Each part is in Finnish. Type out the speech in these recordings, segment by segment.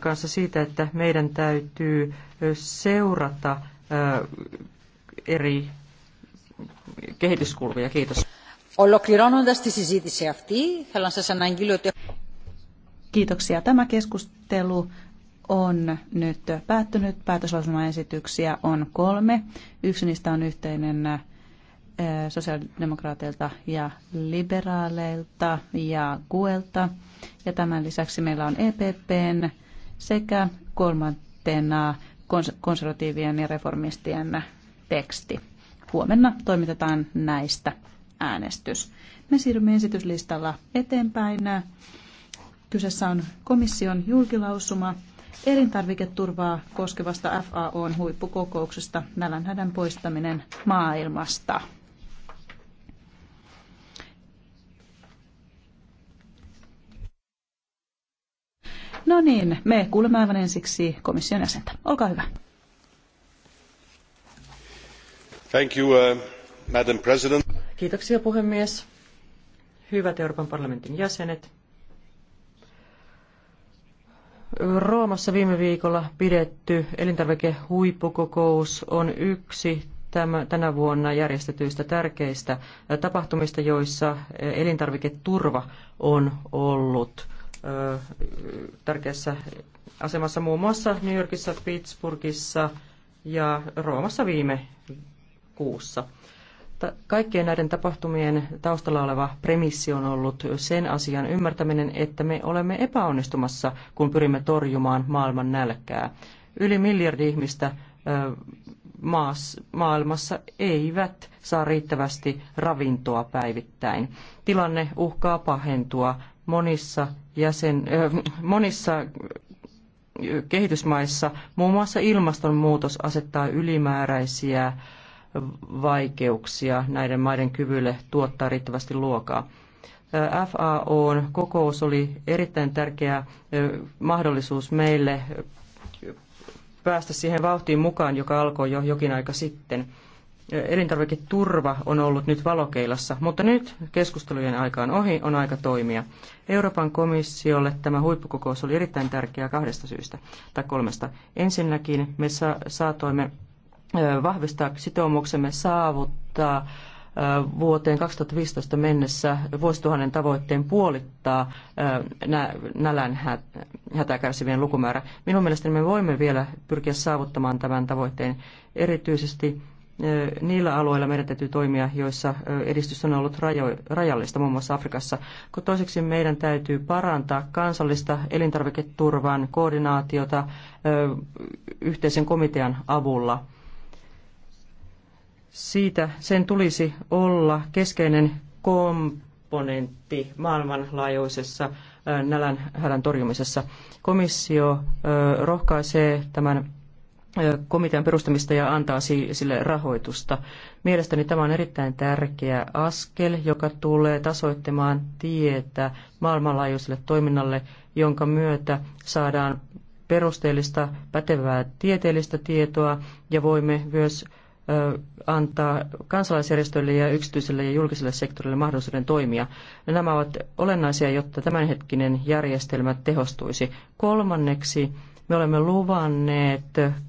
kanssa siitä, että meidän täytyy seurata eri kehityskulvia. Kiitos. Kiitoksia. Tämä keskustelu on nyt päättynyt. Päätöslausumaesityksiä on kolme. Yksi niistä on yhteinen Eh, sosiaalidemokraateilta ja liberaaleilta ja kuelta. Ja tämän lisäksi meillä on EPPn sekä kolmantena konservatiivien ja reformistien teksti. Huomenna toimitetaan näistä äänestys. Me siirrymme esityslistalla eteenpäin. Kyseessä on komission julkilausuma elintarviketurvaa koskevasta FAOn huippukokouksesta nälänhädän poistaminen maailmasta. No niin, me kuulemme aivan ensiksi komission jäsentä. Olkaa hyvä. Thank you, uh, Madam President. Kiitoksia puhemies. Hyvät Euroopan parlamentin jäsenet. Roomassa viime viikolla pidetty elintarvikehuippukokous on yksi tänä vuonna järjestetyistä tärkeistä tapahtumista, joissa elintarviketurva on ollut tärkeässä asemassa muun muassa New Yorkissa, Pittsburghissa ja Roomassa viime kuussa. Kaikkien näiden tapahtumien taustalla oleva premissi on ollut sen asian ymmärtäminen, että me olemme epäonnistumassa, kun pyrimme torjumaan maailman nälkää. Yli miljardi ihmistä maas, maailmassa eivät saa riittävästi ravintoa päivittäin. Tilanne uhkaa pahentua monissa, jäsen, monissa kehitysmaissa muun muassa ilmastonmuutos asettaa ylimääräisiä vaikeuksia näiden maiden kyvylle tuottaa riittävästi luokaa. FAOn kokous oli erittäin tärkeä mahdollisuus meille päästä siihen vauhtiin mukaan, joka alkoi jo jokin aika sitten elintarviketurva on ollut nyt valokeilassa, mutta nyt keskustelujen aika on ohi, on aika toimia. Euroopan komissiolle tämä huippukokous oli erittäin tärkeä kahdesta syystä tai kolmesta. Ensinnäkin me sa- saatoimme vahvistaa sitoumuksemme saavuttaa vuoteen 2015 mennessä vuosituhannen tavoitteen puolittaa nälän hätää kärsivien lukumäärä. Minun mielestäni me voimme vielä pyrkiä saavuttamaan tämän tavoitteen erityisesti niillä alueilla meidän täytyy toimia, joissa edistys on ollut rajallista, muun muassa Afrikassa. Toiseksi meidän täytyy parantaa kansallista elintarviketurvan koordinaatiota yhteisen komitean avulla. Siitä sen tulisi olla keskeinen komponentti maailmanlaajuisessa nälänhädän torjumisessa. Komissio rohkaisee tämän komitean perustamista ja antaa sille rahoitusta. Mielestäni tämä on erittäin tärkeä askel, joka tulee tasoittamaan tietä maailmanlaajuiselle toiminnalle, jonka myötä saadaan perusteellista, pätevää tieteellistä tietoa ja voimme myös antaa kansalaisjärjestöille ja yksityiselle ja julkiselle sektorille mahdollisuuden toimia. Nämä ovat olennaisia, jotta tämänhetkinen järjestelmä tehostuisi. Kolmanneksi me olemme luvanneet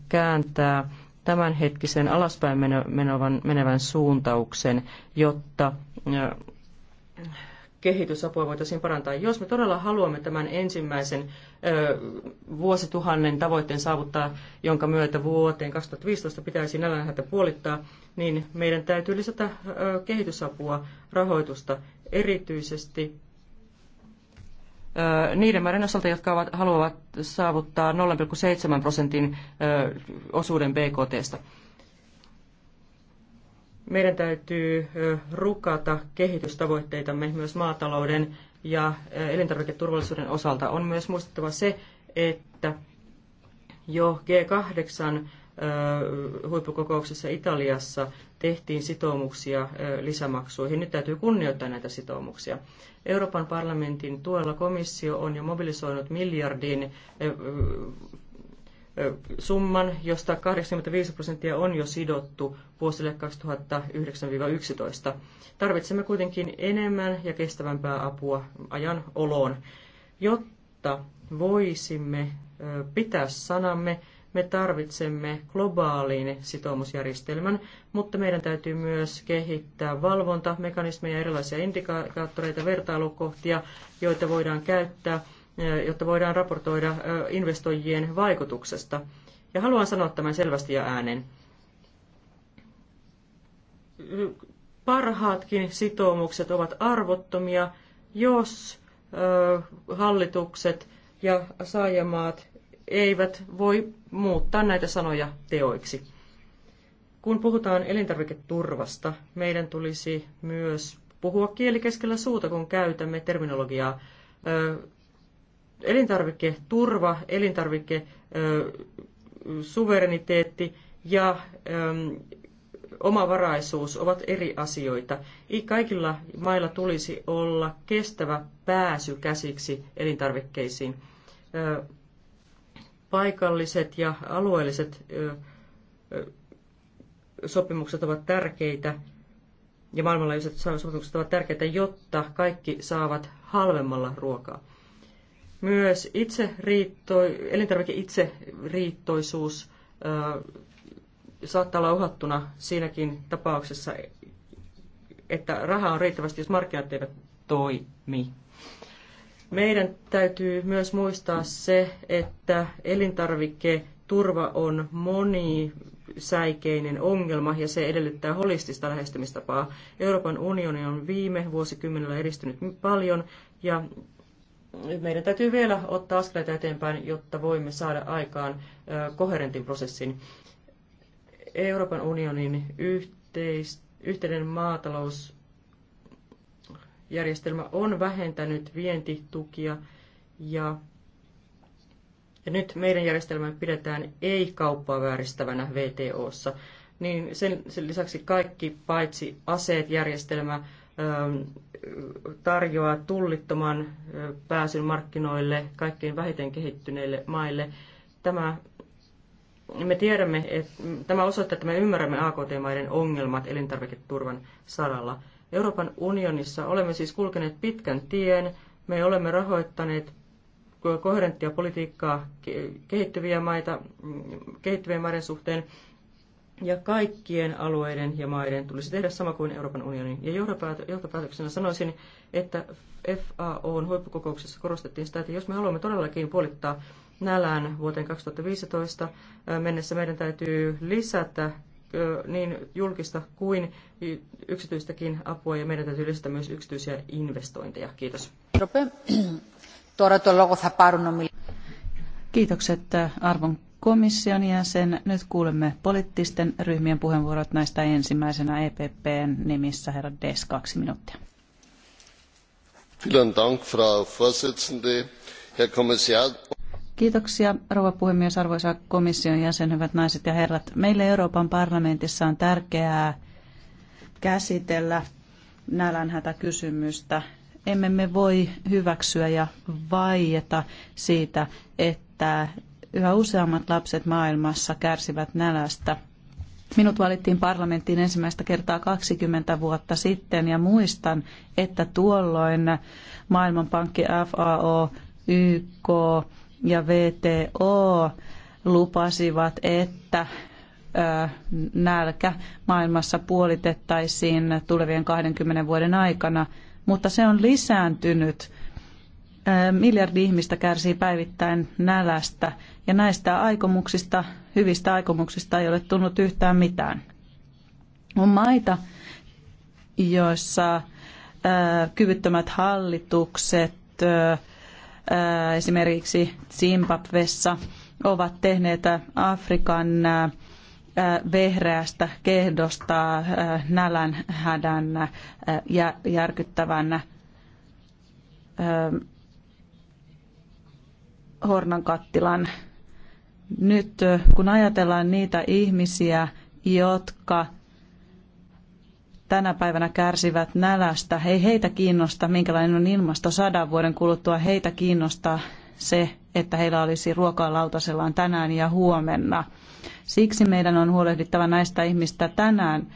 kääntää tämänhetkisen alaspäin menevän, menevän suuntauksen, jotta kehitysapua voitaisiin parantaa. Jos me todella haluamme tämän ensimmäisen ö, vuosituhannen tavoitteen saavuttaa, jonka myötä vuoteen 2015 pitäisi nälänhätä puolittaa, niin meidän täytyy lisätä ö, kehitysapua, rahoitusta, erityisesti niiden maiden osalta, jotka ovat, haluavat saavuttaa 0,7 prosentin osuuden BKTstä. Meidän täytyy rukata kehitystavoitteitamme myös maatalouden ja elintarviketurvallisuuden osalta. On myös muistettava se, että jo G8 huippukokouksessa Italiassa tehtiin sitoumuksia lisämaksuihin. Nyt täytyy kunnioittaa näitä sitoumuksia. Euroopan parlamentin tuella komissio on jo mobilisoinut miljardin summan, josta 85 prosenttia on jo sidottu vuosille 2009-2011. Tarvitsemme kuitenkin enemmän ja kestävämpää apua ajan oloon, jotta voisimme pitää sanamme me tarvitsemme globaalin sitoumusjärjestelmän, mutta meidän täytyy myös kehittää valvontamekanismeja, erilaisia indikaattoreita, vertailukohtia, joita voidaan käyttää, eh, jotta voidaan raportoida eh, investoijien vaikutuksesta. Ja haluan sanoa tämän selvästi ja äänen. Parhaatkin sitoumukset ovat arvottomia, jos eh, hallitukset ja saajamaat eivät voi muuttaa näitä sanoja teoiksi. Kun puhutaan elintarviketurvasta, meidän tulisi myös puhua kieli keskellä suuta, kun käytämme terminologiaa. Elintarviketurva, elintarvike, suvereniteetti ja omavaraisuus ovat eri asioita. Kaikilla mailla tulisi olla kestävä pääsy käsiksi elintarvikkeisiin. Paikalliset ja alueelliset sopimukset ovat tärkeitä ja maailmanlaajuiset sopimukset ovat tärkeitä, jotta kaikki saavat halvemmalla ruokaa. Myös itse riitto, elintarvike itse riittoisuus saattaa olla uhattuna siinäkin tapauksessa, että rahaa on riittävästi, jos markkinat eivät toimi. Meidän täytyy myös muistaa se, että elintarviketurva on moni säikeinen ongelma ja se edellyttää holistista lähestymistapaa. Euroopan unioni on viime vuosikymmenellä edistynyt paljon ja meidän täytyy vielä ottaa askeleita eteenpäin, jotta voimme saada aikaan koherentin prosessin. Euroopan unionin yhteis, yhteinen maatalous järjestelmä on vähentänyt vientitukia ja, ja nyt meidän järjestelmä pidetään ei-kauppaa vääristävänä VTOssa. Niin sen, sen lisäksi kaikki paitsi aseet järjestelmä ähm, tarjoaa tullittoman pääsyn markkinoille kaikkein vähiten kehittyneille maille. Tämä, me tiedämme, että tämä osoittaa, että me ymmärrämme AKT-maiden ongelmat elintarviketurvan saralla. Euroopan unionissa olemme siis kulkeneet pitkän tien. Me olemme rahoittaneet koherenttia politiikkaa kehittyviä maita, kehittyvien maiden suhteen, ja kaikkien alueiden ja maiden tulisi tehdä sama kuin Euroopan unionin. Ja johtopäätöksenä sanoisin, että FAOn huippukokouksessa korostettiin sitä, että jos me haluamme todellakin puolittaa nälän vuoteen 2015 mennessä, meidän täytyy lisätä niin julkista kuin yksityistäkin apua ja meidän täytyy lisätä myös yksityisiä investointeja. Kiitos. Kiitokset arvon komission jäsen. Nyt kuulemme poliittisten ryhmien puheenvuorot näistä ensimmäisenä EPPn nimissä. Herra Des, kaksi minuuttia. Vielen Dank, Frau Vorsitzende. Herr Kommissar, Kiitoksia, rouva puhemies, arvoisa komission jäsen, hyvät naiset ja herrat. Meille Euroopan parlamentissa on tärkeää käsitellä nälänhätäkysymystä. Emme me voi hyväksyä ja vaieta siitä, että yhä useammat lapset maailmassa kärsivät nälästä. Minut valittiin parlamenttiin ensimmäistä kertaa 20 vuotta sitten ja muistan, että tuolloin Maailmanpankki, FAO, YK, ja VTO lupasivat, että nälkä maailmassa puolitettaisiin tulevien 20 vuoden aikana, mutta se on lisääntynyt. Miljardi ihmistä kärsii päivittäin nälästä ja näistä aikomuksista, hyvistä aikomuksista ei ole tullut yhtään mitään. On maita, joissa kyvyttömät hallitukset, Äh, esimerkiksi Zimbabwessa ovat tehneet Afrikan äh, vehreästä kehdosta äh, nälän hädän ja järkyttävän hornankattilan. Nyt kun ajatellaan niitä ihmisiä, jotka tänä päivänä kärsivät nälästä, ei heitä kiinnosta, minkälainen on ilmasto sadan vuoden kuluttua, heitä kiinnostaa se, että heillä olisi ruokaa lautasellaan tänään ja huomenna. Siksi meidän on huolehdittava näistä ihmistä tänään.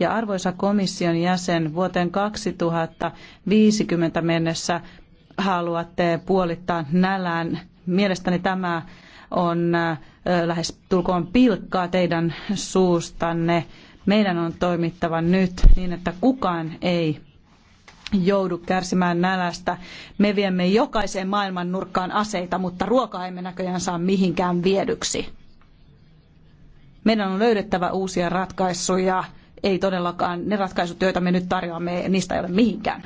Ja arvoisa komission jäsen, vuoteen 2050 mennessä haluatte puolittaa nälän. Mielestäni tämä on äh, lähes tulkoon pilkkaa teidän suustanne. Meidän on toimittava nyt niin, että kukaan ei joudu kärsimään nälästä. Me viemme jokaiseen maailman nurkkaan aseita, mutta ruokaa emme näköjään saa mihinkään viedyksi. Meidän on löydettävä uusia ratkaisuja. Ei todellakaan ne ratkaisut, joita me nyt tarjoamme, niistä ei ole mihinkään.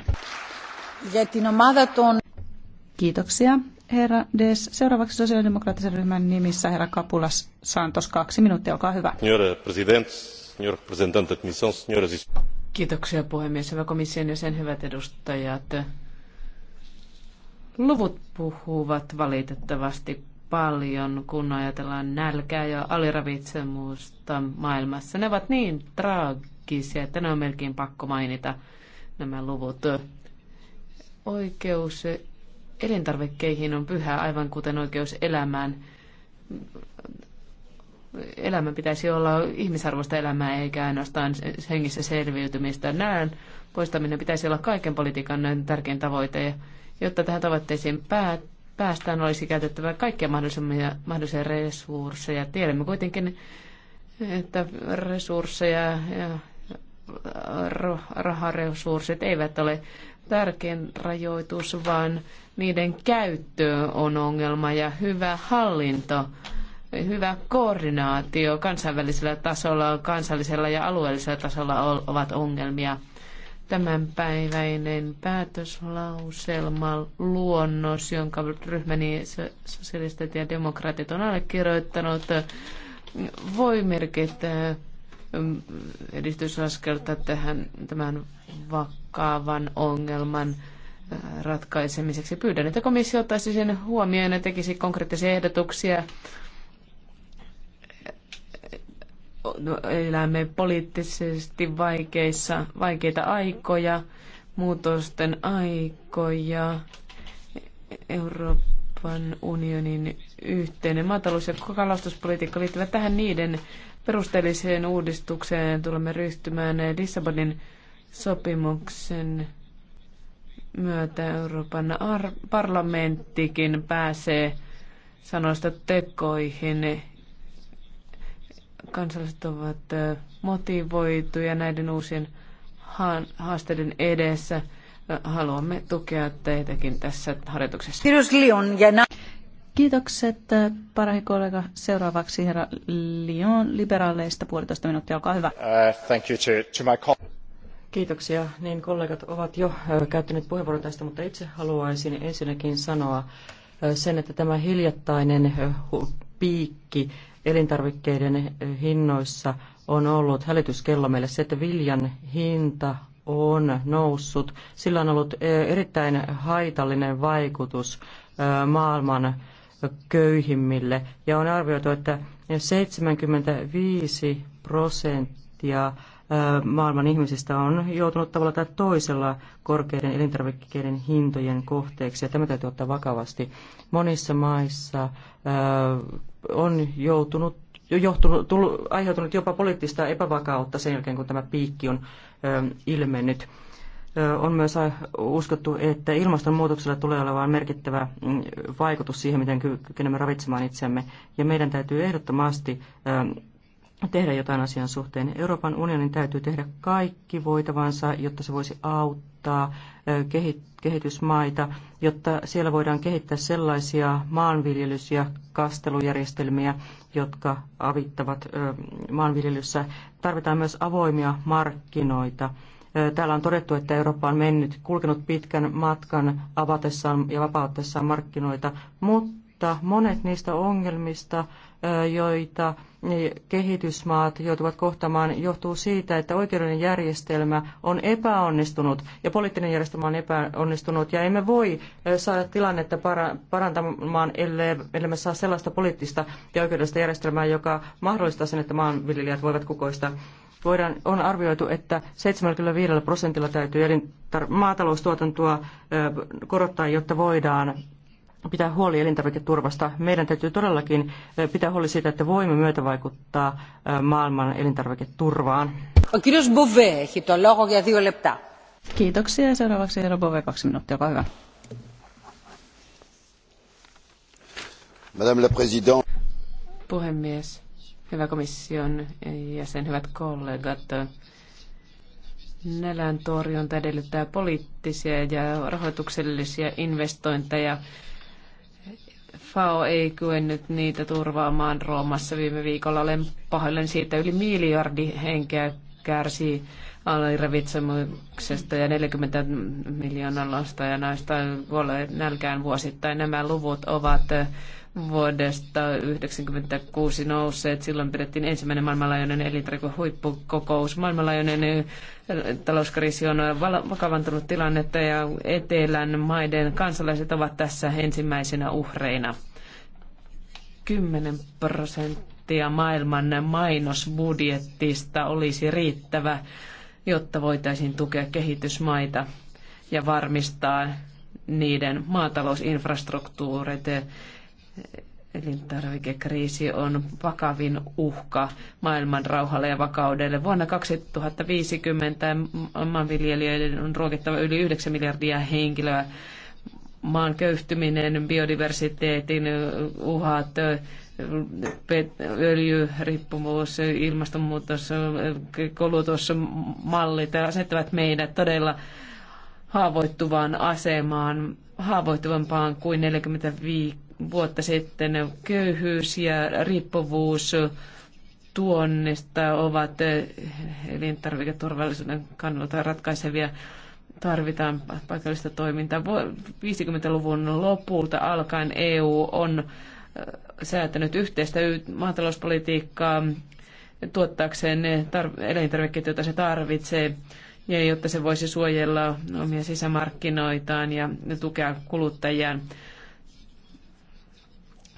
Kiitoksia, herra Des. Seuraavaksi sosiaalidemokraattisen ryhmän nimissä herra Kapulas Santos, kaksi minuuttia, olkaa hyvä. Signore, presidente, Kiitoksia puhemies. Hyvä komission ja sen hyvät edustajat. Luvut puhuvat valitettavasti paljon, kun ajatellaan nälkää ja aliravitsemusta maailmassa. Ne ovat niin traagisia, että ne on melkein pakko mainita nämä luvut. Oikeus elintarvikkeihin on pyhä, aivan kuten oikeus elämään. Elämä pitäisi olla ihmisarvoista elämää eikä ainoastaan hengissä selviytymistä. Nälän poistaminen pitäisi olla kaiken politiikan tärkein tavoite, jotta tähän tavoitteisiin päästään olisi käytettävä kaikkia mahdollisia, mahdollisia resursseja. Tiedämme kuitenkin, että resursseja ja raharesurssit eivät ole tärkein rajoitus, vaan niiden käyttö on ongelma ja hyvä hallinto hyvä koordinaatio kansainvälisellä tasolla, kansallisella ja alueellisella tasolla ovat ongelmia. Tämänpäiväinen päätöslauselma luonnos, jonka ryhmäni sosialistit ja demokraatit on allekirjoittanut, voi merkitä äh, mm, edistysaskelta tähän, tämän vakavan ongelman äh, ratkaisemiseksi. Pyydän, että komissio ottaisi sen huomioon ja tekisi konkreettisia ehdotuksia No, elämme poliittisesti vaikeissa, vaikeita aikoja, muutosten aikoja. Euroopan unionin yhteinen maatalous- ja kalastuspolitiikka liittyvät tähän niiden perusteelliseen uudistukseen. Tulemme ryhtymään Lissabonin sopimuksen myötä Euroopan parlamenttikin pääsee sanoista tekoihin kansalaiset ovat motivoituja näiden uusien haasteiden edessä. Haluamme tukea teitäkin tässä harjoituksessa. Kiitokset, parhain kollega. Seuraavaksi herra Lyon liberaaleista puolitoista minuuttia, olkaa hyvä. Uh, thank you to, to my Kiitoksia. Niin kollegat ovat jo käyttäneet puheenvuoron tästä, mutta itse haluaisin ensinnäkin sanoa sen, että tämä hiljattainen piikki elintarvikkeiden hinnoissa on ollut hälytyskello meille se, että viljan hinta on noussut. Sillä on ollut eh, erittäin haitallinen vaikutus eh, maailman köyhimmille. Ja on arvioitu, että 75 prosenttia maailman ihmisistä on joutunut tavalla tai toisella korkeiden elintarvikkeiden hintojen kohteeksi, ja tämä täytyy ottaa vakavasti. Monissa maissa on joutunut johtunut, tullut, aiheutunut jopa poliittista epävakautta sen jälkeen, kun tämä piikki on ilmennyt. On myös uskottu, että ilmastonmuutoksella tulee olemaan merkittävä mm, vaikutus siihen, miten kykenemme ravitsemaan itsemme. Ja meidän täytyy ehdottomasti tehdä jotain asian suhteen. Euroopan unionin täytyy tehdä kaikki voitavansa, jotta se voisi auttaa kehitysmaita, jotta siellä voidaan kehittää sellaisia maanviljelys- ja kastelujärjestelmiä, jotka avittavat maanviljelyssä. Tarvitaan myös avoimia markkinoita. Täällä on todettu, että Eurooppa on mennyt, kulkenut pitkän matkan avatessaan ja vapauttessaan markkinoita, mutta monet niistä ongelmista, joita kehitysmaat joutuvat kohtamaan, johtuu siitä, että oikeudellinen järjestelmä on epäonnistunut ja poliittinen järjestelmä on epäonnistunut. Ja emme voi saada tilannetta parantamaan, ellei, ellei me saa sellaista poliittista ja oikeudellista järjestelmää, joka mahdollistaa sen, että maanviljelijät voivat kukoistaa. Voidaan, on arvioitu, että 75 prosentilla täytyy maataloustuotantoa korottaa, jotta voidaan pitää huoli elintarviketurvasta. Meidän täytyy todellakin pitää huoli siitä, että voimme vaikuttaa maailman elintarviketurvaan. Ο κύριος Μποβέ έχει το λόγο Kiitoksia. Seuraavaksi herra Bove, kaksi minuuttia, olkaa hyvä. Madame la Présidente. Puhemies, hyvä komission jäsen, hyvät kollegat. Nälän torjunta edellyttää poliittisia ja rahoituksellisia investointeja FAO ei kyennyt niitä turvaamaan Roomassa viime viikolla. Olen pahoillani siitä yli miljardi henkeä kärsii aliravitsemuksesta ja 40 miljoonaa lasta ja naista kuolee nälkään vuosittain. Nämä luvut ovat vuodesta 1996 nousseet. Silloin pidettiin ensimmäinen maailmanlaajuinen huippukokous. Maailmanlaajuinen eh, talouskriisi on vakavantunut tilannetta ja etelän maiden kansalaiset ovat tässä ensimmäisenä uhreina. 10 prosenttia maailman mainosbudjettista olisi riittävä, jotta voitaisiin tukea kehitysmaita ja varmistaa niiden maatalousinfrastruktuurit Elintarvikekriisi on vakavin uhka maailman rauhalle ja vakaudelle. Vuonna 2050 maanviljelijöiden on ruokittava yli 9 miljardia henkilöä. Maan köyhtyminen, biodiversiteetin uhat, öljyriippuvuus, ilmastonmuutos, kulutusmallit asettavat meidät todella haavoittuvaan asemaan, haavoittuvampaan kuin 40 viikkoa vuotta sitten köyhyys ja riippuvuus tuonnista ovat elintarviketurvallisuuden kannalta ratkaisevia. Tarvitaan paikallista toimintaa. 50-luvun lopulta alkaen EU on säätänyt yhteistä maatalouspolitiikkaa tuottaakseen ne elintarvikkeet, joita se tarvitsee, ja jotta se voisi suojella omia sisämarkkinoitaan ja tukea kuluttajiaan.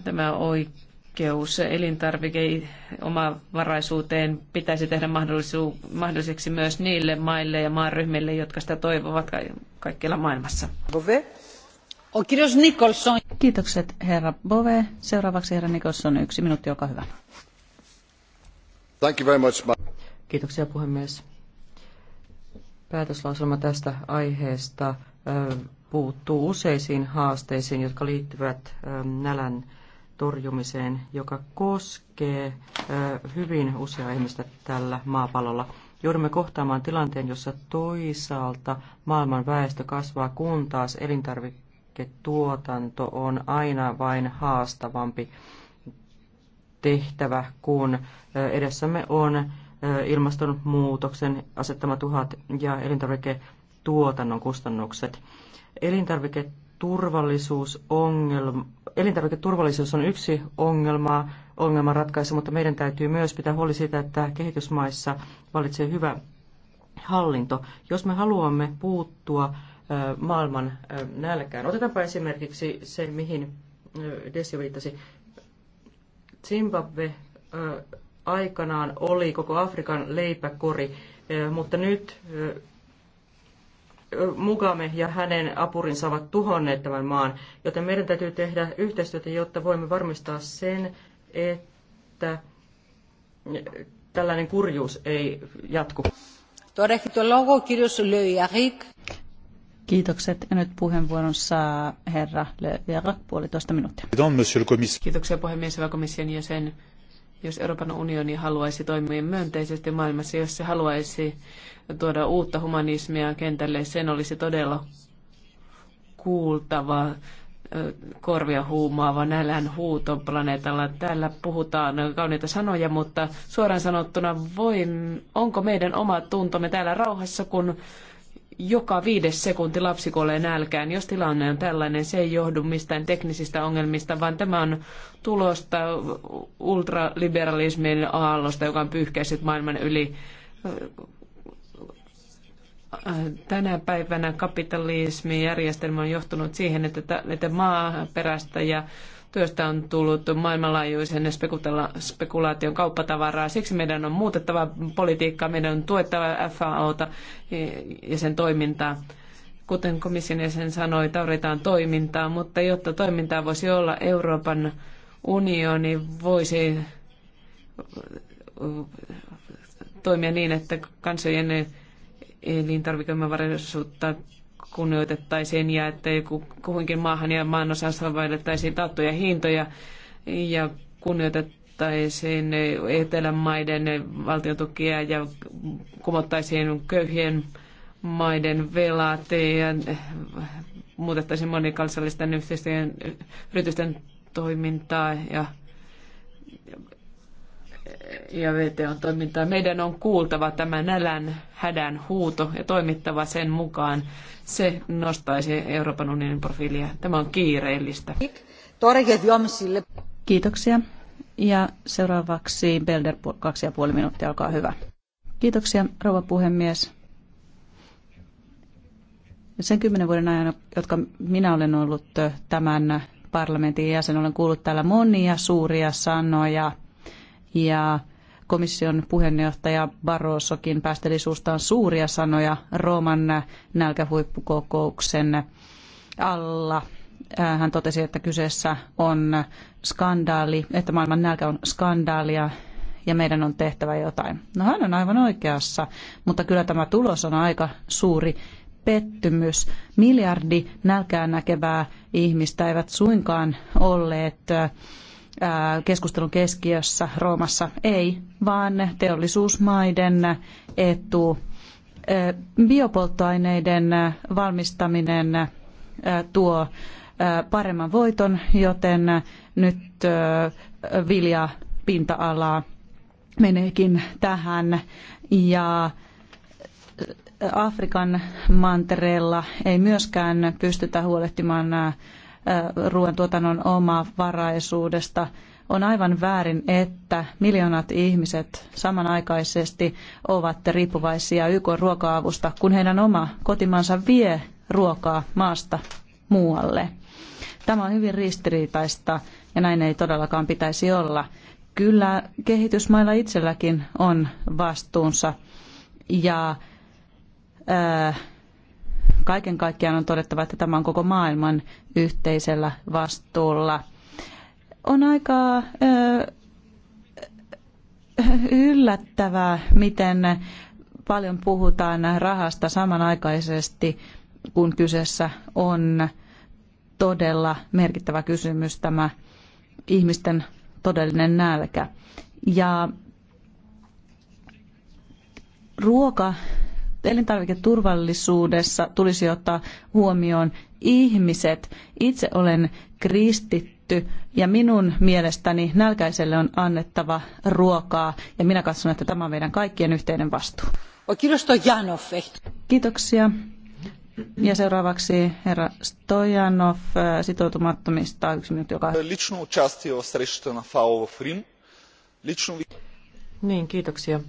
Tämä oikeus elintarvikeomavaraisuuteen pitäisi tehdä mahdolliseksi myös niille maille ja maaryhmille, jotka sitä toivovat kaikkialla maailmassa. Bove? Nicholson. Kiitokset herra Bove. Seuraavaksi herra Nicholson, yksi minuutti, olkaa hyvä. Thank you very much. ma. Kiitoksia puhemies. Päätöslauselma tästä aiheesta puuttuu useisiin haasteisiin, jotka liittyvät nälän torjumiseen, joka koskee hyvin useaa ihmistä tällä maapallolla. Joudumme kohtaamaan tilanteen, jossa toisaalta maailman väestö kasvaa, kun taas elintarviketuotanto on aina vain haastavampi tehtävä, kun edessämme on ilmastonmuutoksen asettamat uhat ja elintarviketuotannon kustannukset. Elintarviketurvallisuusongelma Elintarviketurvallisuus on yksi ongelma, ongelman ratkaisu, mutta meidän täytyy myös pitää huoli siitä, että kehitysmaissa valitsee hyvä hallinto. Jos me haluamme puuttua maailman nälkään, otetaanpa esimerkiksi se, mihin Desi viittasi. Zimbabwe aikanaan oli koko Afrikan leipäkori, mutta nyt Mugame ja hänen apurinsa ovat tuhonneet tämän maan, joten meidän täytyy tehdä yhteistyötä, jotta voimme varmistaa sen, että tällainen kurjuus ei jatku. Kiitokset. Ja nyt puheenvuoron saa herra Le Vierac, puolitoista minuuttia. Kiitoksia puhemies, ja komission jäsen jos Euroopan unioni haluaisi toimia myönteisesti maailmassa, jos se haluaisi tuoda uutta humanismia kentälle, sen olisi todella kuultava, korvia huumaava nälän huuto planeetalla. Täällä puhutaan kauniita sanoja, mutta suoraan sanottuna voi, onko meidän oma tuntomme täällä rauhassa, kun joka viides sekunti lapsi kuolee nälkään. Jos tilanne on tällainen, se ei johdu mistään teknisistä ongelmista, vaan tämä on tulosta ultraliberalismin aallosta, joka on pyyhkäissyt maailman yli. Tänä päivänä kapitalismi järjestelmä on johtunut siihen, että, että maaperästä ja Työstä on tullut maailmanlaajuisen spekulaation kauppatavaraa. Siksi meidän on muutettava politiikkaa, meidän on tuettava FAOta ja sen toimintaa. Kuten komission jäsen sanoi, tarvitaan toimintaa, mutta jotta toimintaa voisi olla, Euroopan unioni voisi toimia niin, että kansojen elintarvikeomavaraisuutta kunnioitettaisiin ja että kuhunkin maahan ja osassa sovellettaisiin taattuja hintoja ja kunnioitettaisiin etelämaiden valtiotukia ja kumottaisiin köyhien maiden velat ja muutettaisiin monikansallisten yhteistyön yritysten toimintaa ja ja VTOn toimintaa. Meidän on kuultava tämä nälän hädän huuto ja toimittava sen mukaan. Se nostaisi Euroopan unionin profiilia. Tämä on kiireellistä. Kiitoksia. Ja seuraavaksi Belder, kaksi ja puoli minuuttia, olkaa hyvä. Kiitoksia, rouva puhemies. Sen kymmenen vuoden ajan, jotka minä olen ollut tämän parlamentin jäsen, olen kuullut täällä monia suuria sanoja – ja komission puheenjohtaja Barrosokin päästeli suustaan suuria sanoja Rooman nälkähuippukokouksen alla. Äh, hän totesi, että kyseessä on skandaali, että maailman nälkä on skandaalia ja meidän on tehtävä jotain. No hän on aivan oikeassa, mutta kyllä tämä tulos on aika suuri pettymys. Miljardi nälkää näkevää ihmistä eivät suinkaan olleet äh, keskustelun keskiössä Roomassa. Ei, vaan teollisuusmaiden etu. Biopolttoaineiden valmistaminen tuo paremman voiton, joten nyt vilja pinta-alaa meneekin tähän. Ja Afrikan mantereella ei myöskään pystytä huolehtimaan Äh, ruoantuotannon omavaraisuudesta. On aivan väärin, että miljoonat ihmiset samanaikaisesti ovat riippuvaisia YK ruoka-avusta, kun heidän oma kotimaansa vie ruokaa maasta muualle. Tämä on hyvin ristiriitaista ja näin ei todellakaan pitäisi olla. Kyllä kehitysmailla itselläkin on vastuunsa ja äh, Kaiken kaikkiaan on todettava, että tämä on koko maailman yhteisellä vastuulla. On aika yllättävää, miten paljon puhutaan rahasta samanaikaisesti, kun kyseessä on todella merkittävä kysymys tämä ihmisten todellinen nälkä. Ja ruoka elintarviketurvallisuudessa tulisi ottaa huomioon ihmiset. Itse olen kristitty ja minun mielestäni nälkäiselle on annettava ruokaa ja minä katson, että tämä on meidän kaikkien yhteinen vastuu. Kiitoksia. Ja seuraavaksi herra Stojanov äh, sitoutumattomista yksi minuutti joka. Niin, kiitoksia.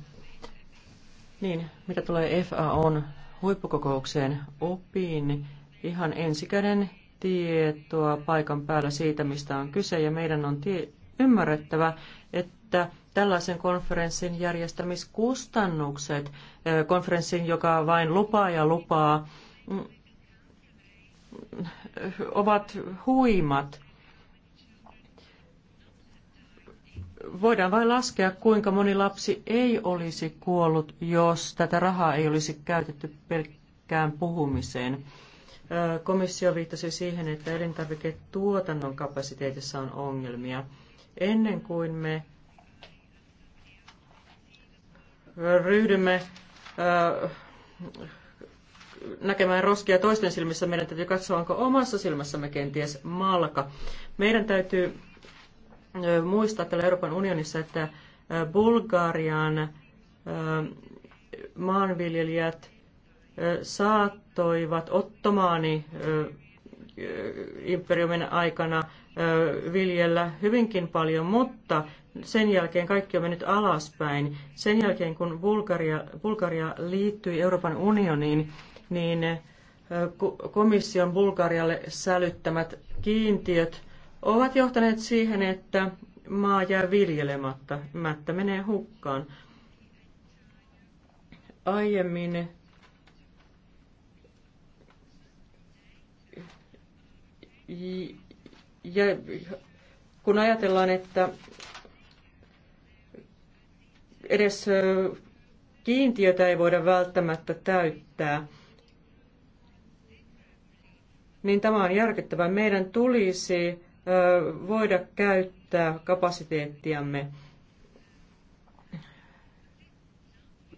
Niin, mitä tulee FAOn huippukokoukseen, opin ihan ensikäden tietoa paikan päällä siitä, mistä on kyse, ja meidän on tie- ymmärrettävä, että tällaisen konferenssin järjestämiskustannukset, konferenssin, joka vain lupaa ja lupaa, mm, ovat huimat. voidaan vain laskea, kuinka moni lapsi ei olisi kuollut, jos tätä rahaa ei olisi käytetty pelkkään puhumiseen. Komissio viittasi siihen, että elintarviketuotannon kapasiteetissa on ongelmia. Ennen kuin me ryhdymme näkemään roskia toisten silmissä, meidän täytyy katsoa, onko omassa silmässämme kenties malka. Meidän täytyy muistaa täällä Euroopan unionissa, että Bulgarian maanviljelijät saattoivat ottomaani imperiumin aikana viljellä hyvinkin paljon, mutta sen jälkeen kaikki on mennyt alaspäin. Sen jälkeen kun Bulgaria, Bulgaria liittyi Euroopan unioniin, niin komission Bulgarialle sälyttämät kiintiöt ovat johtaneet siihen, että maa jää viljelemättä, mättä menee hukkaan. Aiemmin ja kun ajatellaan, että edes kiintiötä ei voida välttämättä täyttää, niin tämä on järkyttävää. Meidän tulisi voida käyttää kapasiteettiamme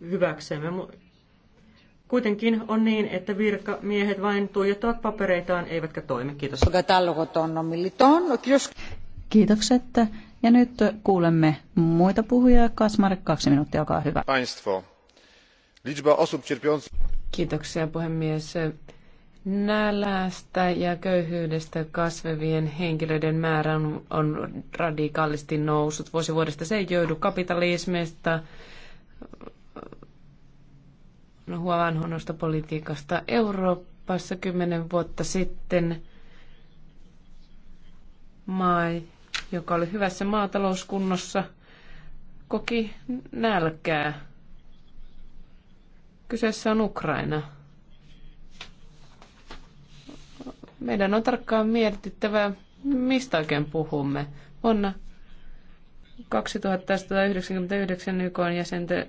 hyväksemme. Kuitenkin on niin, että virkamiehet vain tuijottavat papereitaan eivätkä toimi. Kiitos. Kiitokset. Ja nyt kuulemme muita puhujia. Kasmarek, kaksi minuuttia, olkaa hyvä. Kiitoksia puhemies. Nälästä ja köyhyydestä kasvevien henkilöiden määrä on, on radikaalisti noussut. Vuosi vuodesta se ei joudu kapitalismista, no, huomaan huonosta politiikasta. Euroopassa kymmenen vuotta sitten maa, joka oli hyvässä maatalouskunnossa, koki nälkää. Kyseessä on Ukraina Meidän on tarkkaan mietittävä, mistä oikein puhumme. Vuonna 2199 YK jäsentä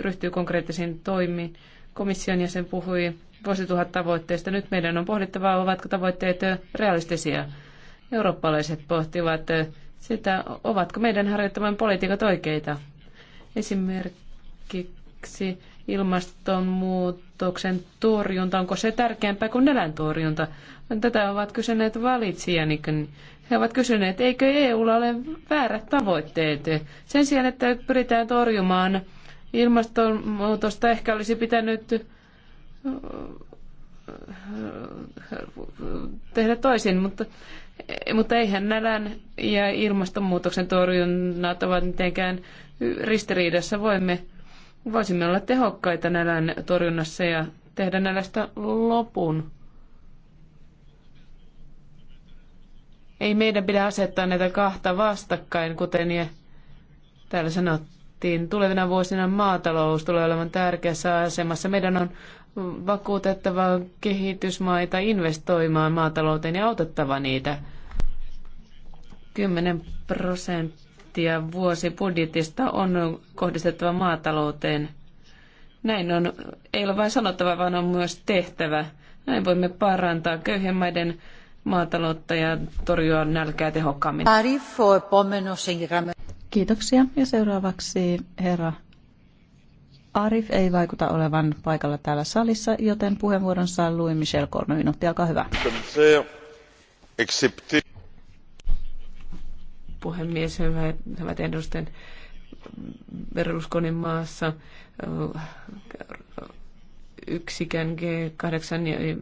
ryhtyy konkreettisiin toimiin. Komission jäsen puhui vuosituhat tavoitteista. Nyt meidän on pohdittava, ovatko tavoitteet realistisia. Eurooppalaiset pohtivat sitä, ovatko meidän harjoittamaan politiikat oikeita. Esimerkiksi ilmastonmuutoksen torjunta, onko se tärkeämpää kuin nälän torjunta? Tätä ovat kysyneet valitsijanikin. He ovat kysyneet, eikö EUlla ole väärät tavoitteet? Sen sijaan, että pyritään torjumaan ilmastonmuutosta, ehkä olisi pitänyt äh, tehdä toisin, mutta, mutta eihän nälän ja ilmastonmuutoksen torjunnat ovat mitenkään ristiriidassa. Voimme Voisimme olla tehokkaita nälän torjunnassa ja tehdä nälästä lopun. Ei meidän pidä asettaa näitä kahta vastakkain, kuten täällä sanottiin. Tulevina vuosina maatalous tulee olemaan tärkeässä asemassa. Meidän on vakuutettava kehitysmaita investoimaan maatalouteen ja autettava niitä. 10 prosenttia prosenttia vuosibudjetista on kohdistettava maatalouteen. Näin on, ei ole vain sanottava, vaan on myös tehtävä. Näin voimme parantaa köyhien maiden maataloutta ja torjua nälkää tehokkaammin. Kiitoksia. Ja seuraavaksi herra Arif ei vaikuta olevan paikalla täällä salissa, joten puheenvuoron saa Louis Michel kolme minuuttia. Olkaa hyvä puhemies, hyvät, edustajat. Berlusconin maassa äh, yksikään G8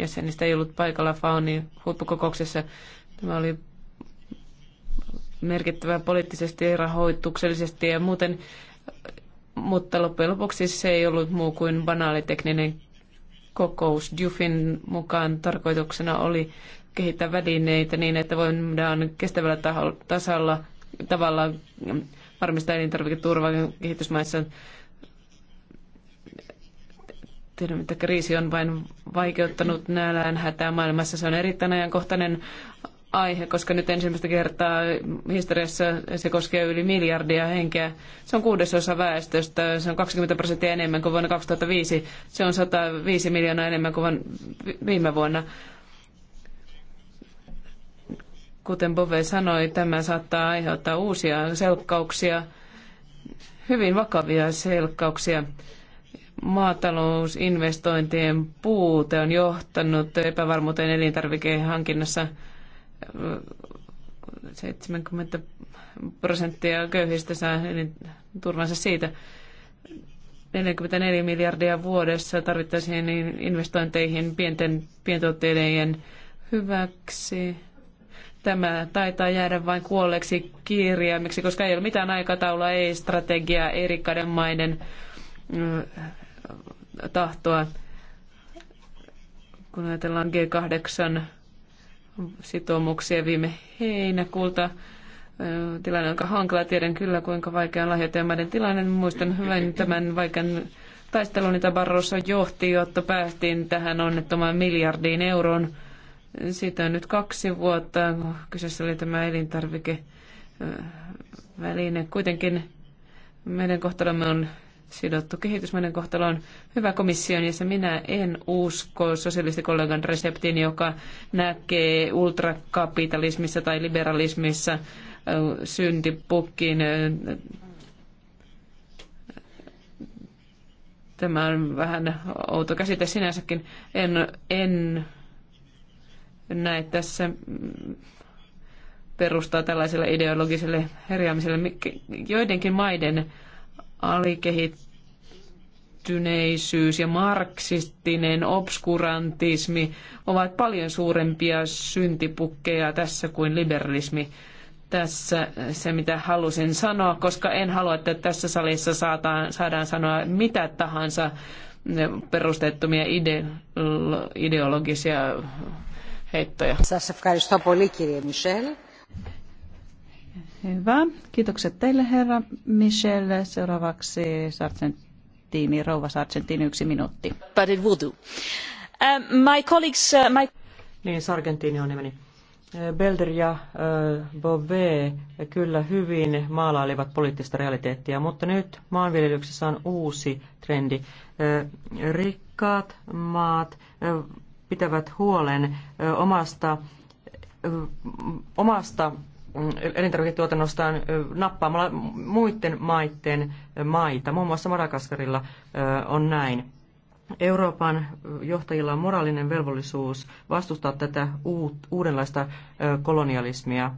jäsenistä ei ollut paikalla Faunin huippukokouksessa. Tämä oli merkittävä poliittisesti, rahoituksellisesti ja muuten, mutta loppujen lopuksi se ei ollut muu kuin banaalitekninen kokous. Dufin mukaan tarkoituksena oli kehittää välineitä niin, että voidaan kestävällä tasalla, tavalla varmistaa elintarviketurvaa kehitysmaissa. Tiedämme, että kriisi on vain vaikeuttanut nälään hätää maailmassa. Se on erittäin ajankohtainen aihe, koska nyt ensimmäistä kertaa historiassa se koskee yli miljardia henkeä. Se on kuudesosa väestöstä, se on 20 prosenttia enemmän kuin vuonna 2005, se on 105 miljoonaa enemmän kuin viime vuonna. Kuten Bove sanoi, tämä saattaa aiheuttaa uusia selkkauksia, hyvin vakavia selkkauksia. Maatalousinvestointien puute on johtanut epävarmuuteen elintarvikehankinnassa 70 prosenttia köyhistä saa turvansa siitä. 44 miljardia vuodessa tarvittaisiin investointeihin pienten, pientuotteiden hyväksi. Tämä taitaa jäädä vain kuolleeksi kirjaimeksi, koska ei ole mitään aikataulua, ei strategiaa, ei rikkaiden maiden tahtoa. Kun ajatellaan G8 sitoumuksia viime heinäkuulta, tilanne on aika hankala. Tiedän kyllä, kuinka vaikea on lahjoittajamaiden tilanne. Muistan hyvän tämän vaikean taistelun, mitä Barroso johti, jotta päästiin tähän onnettomaan miljardiin euroon sitä nyt kaksi vuotta. Kyseessä oli tämä elintarvikeväline. Kuitenkin meidän kohtalomme on sidottu kohtalo on Hyvä komission ja se minä en usko sosialistikollegan reseptiin, joka näkee ultrakapitalismissa tai liberalismissa syntipukkiin. Tämä on vähän outo käsite sinänsäkin. En, en näe tässä mm, perustaa tällaiselle ideologiselle herjaamiselle. Joidenkin maiden alikehittyneisyys ja marksistinen obskurantismi ovat paljon suurempia syntipukkeja tässä kuin liberalismi. Tässä se, mitä halusin sanoa, koska en halua, että tässä salissa saataan, saadaan sanoa mitä tahansa mm, perusteettomia ideologisia heittoja. Hyvä. Kiitokset teille, herra Michel. Seuraavaksi Sargentini, rouva Sargentini, yksi minuutti. But it will do. Uh, my colleagues, uh, my... Niin, Sargentini on nimeni. Belder ja uh, Bove kyllä hyvin maalailivat poliittista realiteettia, mutta nyt maanviljelyksessä on uusi trendi. Uh, rikkaat maat uh, pitävät huolen omasta, omasta mm, elintarviketuotannostaan nappaamalla muiden maiden maita. Muun muassa Madagaskarilla on näin. Euroopan johtajilla on moraalinen velvollisuus vastustaa tätä uudenlaista kolonialismia.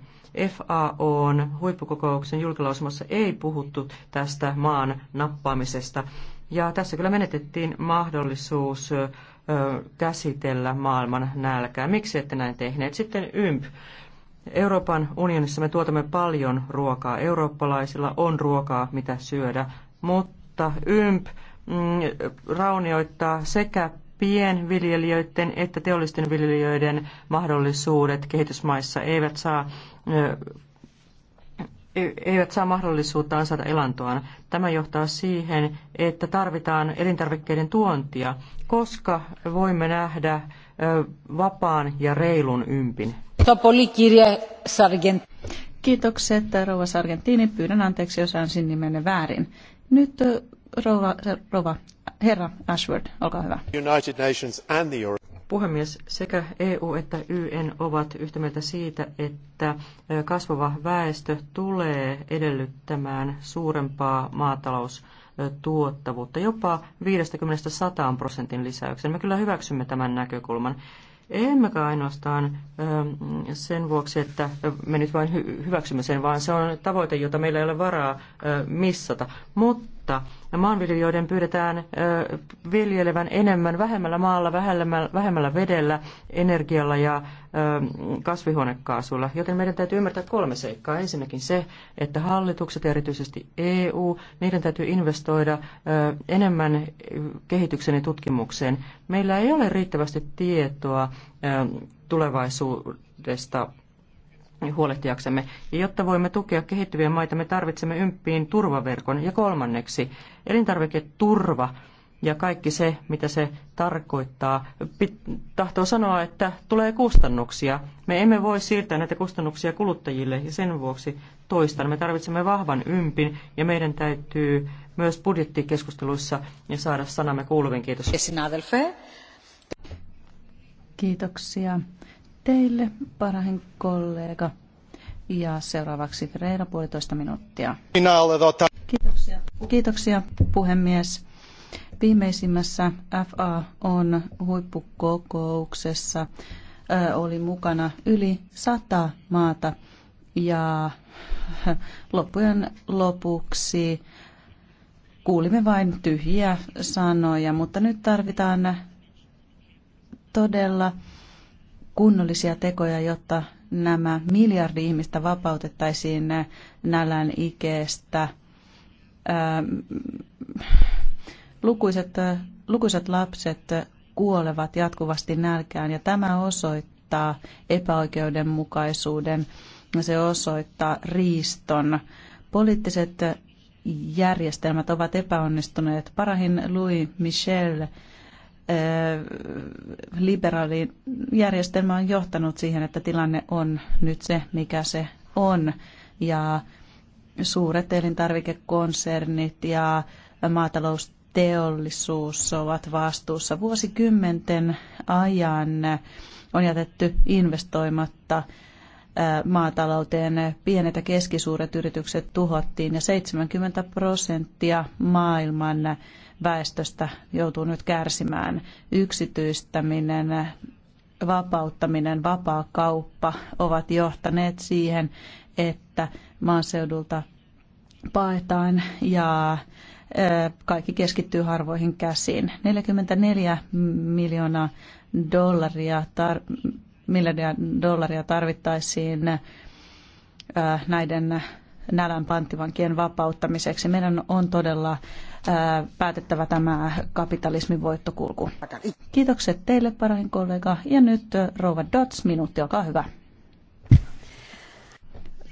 FAOn huippukokouksen julkilausumassa ei puhuttu tästä maan nappaamisesta. Ja tässä kyllä menetettiin mahdollisuus käsitellä maailman nälkää. Miksi ette näin tehneet? Sitten YMP. Euroopan unionissa me tuotamme paljon ruokaa. Eurooppalaisilla on ruokaa, mitä syödä, mutta YMP mm, raunioittaa sekä pienviljelijöiden että teollisten viljelijöiden mahdollisuudet kehitysmaissa eivät saa E, eivät saa mahdollisuutta ansaita elantoaan. Tämä johtaa siihen, että tarvitaan elintarvikkeiden tuontia, koska voimme nähdä vapaan ja reilun ympin. Kiitokset, rouva Sargentini. Pyydän anteeksi, jos äänsin nimenne väärin. Nyt rouva, rouva herra Ashford, olkaa hyvä. United Nations and the Euro- Puhemies, sekä EU että YN ovat yhtä mieltä siitä, että kasvava väestö tulee edellyttämään suurempaa maataloustuottavuutta, jopa 50-100 prosentin lisäyksen. Me kyllä hyväksymme tämän näkökulman. Emmekä ainoastaan sen vuoksi, että me nyt vain hyväksymme sen, vaan se on tavoite, jota meillä ei ole varaa missata. Mutta totta. Maanviljelijöiden pyydetään viljelevän enemmän vähemmällä maalla, vähemmällä vedellä, energialla ja kasvihuonekaasulla. Joten meidän täytyy ymmärtää kolme seikkaa. Ensinnäkin se, että hallitukset ja erityisesti EU, niiden täytyy investoida enemmän kehityksen ja tutkimukseen. Meillä ei ole riittävästi tietoa tulevaisuudesta huolehtiaksemme. Ja jotta voimme tukea kehittyviä maita, me tarvitsemme ympiin turvaverkon. Ja kolmanneksi, elintarviketurva ja kaikki se, mitä se tarkoittaa, tahtoo sanoa, että tulee kustannuksia. Me emme voi siirtää näitä kustannuksia kuluttajille ja sen vuoksi toistan. Me tarvitsemme vahvan ympin ja meidän täytyy myös budjettikeskusteluissa ja saada sanamme kuuluvin. Kiitos. Kiitoksia teille, parhain kollega. Ja seuraavaksi Freira puolitoista minuuttia. Kiitoksia. Kiitoksia puhemies. Viimeisimmässä FA on huippukokouksessa oli mukana yli sata maata ja loppujen lopuksi kuulimme vain tyhjiä sanoja, mutta nyt tarvitaan todella kunnollisia tekoja, jotta nämä miljardi ihmistä vapautettaisiin nälän ikeestä. Lukuiset, lukuisat lapset kuolevat jatkuvasti nälkään ja tämä osoittaa epäoikeudenmukaisuuden ja se osoittaa riiston. Poliittiset järjestelmät ovat epäonnistuneet. Parahin Louis Michel liberaali järjestelmä on johtanut siihen, että tilanne on nyt se, mikä se on. Ja suuret elintarvikekonsernit ja maatalousteollisuus ovat vastuussa. Vuosikymmenten ajan on jätetty investoimatta maatalouteen. Pienet ja keskisuuret yritykset tuhottiin ja 70 prosenttia maailman väestöstä joutuu nyt kärsimään. Yksityistäminen, vapauttaminen, vapaa kauppa ovat johtaneet siihen, että maaseudulta paetaan ja kaikki keskittyy harvoihin käsiin. 44 miljoonaa dollaria, tar- miljardia dollaria tarvittaisiin näiden nälän panttivankien vapauttamiseksi. Meidän on todella päätettävä tämä kapitalismin voittokulku. Kiitokset teille, parhain kollega. Ja nyt Rova Dots, minuutti, olkaa hyvä.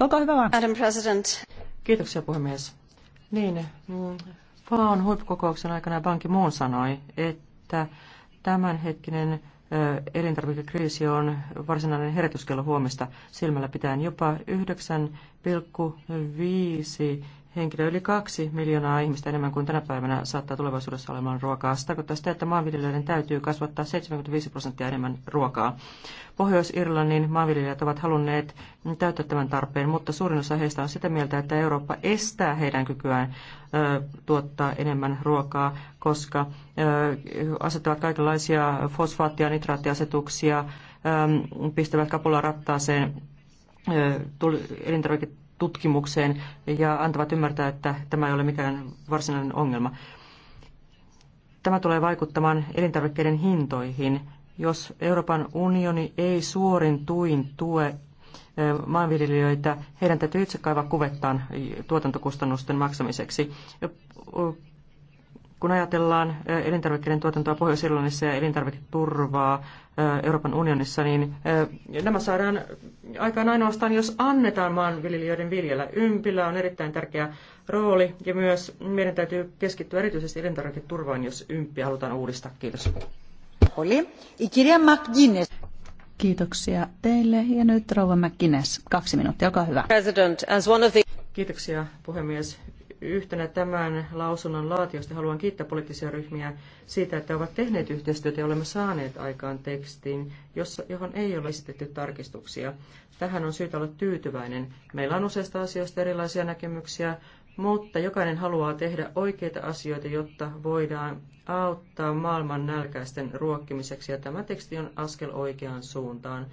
Olkaa hyvä vaan. Adam President. Kiitoksia puhemies. Niin, mm, Faon huippukokouksen aikana banki moon sanoi, että tämänhetkinen elintarvikekriisi on varsinainen herätyskello huomista silmällä pitäen jopa 9,5 henkilö yli kaksi miljoonaa ihmistä enemmän kuin tänä päivänä saattaa tulevaisuudessa olemaan ruokaa. Se tarkoittaa sitä, että maanviljelijöiden täytyy kasvattaa 75 prosenttia enemmän ruokaa. Pohjois-Irlannin maanviljelijät ovat halunneet täyttää tämän tarpeen, mutta suurin osa heistä on sitä mieltä, että Eurooppa estää heidän kykyään ö, tuottaa enemmän ruokaa, koska ö, asettavat kaikenlaisia fosfaatti- ja nitraattiasetuksia, ö, pistävät kapula rattaaseen elintarvike- tutkimukseen ja antavat ymmärtää, että tämä ei ole mikään varsinainen ongelma. Tämä tulee vaikuttamaan elintarvikkeiden hintoihin. Jos Euroopan unioni ei suorin tuin tue maanviljelijöitä, heidän täytyy itse kaivaa kuvettaan tuotantokustannusten maksamiseksi. Kun ajatellaan elintarvikkeiden tuotantoa Pohjois-Irlannissa ja elintarviketurvaa Euroopan unionissa, niin nämä saadaan aikaan ainoastaan, jos annetaan maanviljelijöiden viljellä. Ympillä on erittäin tärkeä rooli ja myös meidän täytyy keskittyä erityisesti elintarviketurvaan, jos ympi halutaan uudistaa. Kiitos. Oli. McGuinness. Kiitoksia teille ja nyt rouva McGuinness. Kaksi minuuttia, olkaa hyvä. President, as one of the... Kiitoksia puhemies yhtenä tämän lausunnon laatiosta haluan kiittää poliittisia ryhmiä siitä, että ovat tehneet yhteistyötä ja olemme saaneet aikaan tekstiin, jossa, johon ei ole esitetty tarkistuksia. Tähän on syytä olla tyytyväinen. Meillä on useista asioista erilaisia näkemyksiä, mutta jokainen haluaa tehdä oikeita asioita, jotta voidaan auttaa maailman nälkäisten ruokkimiseksi, ja tämä teksti on askel oikeaan suuntaan.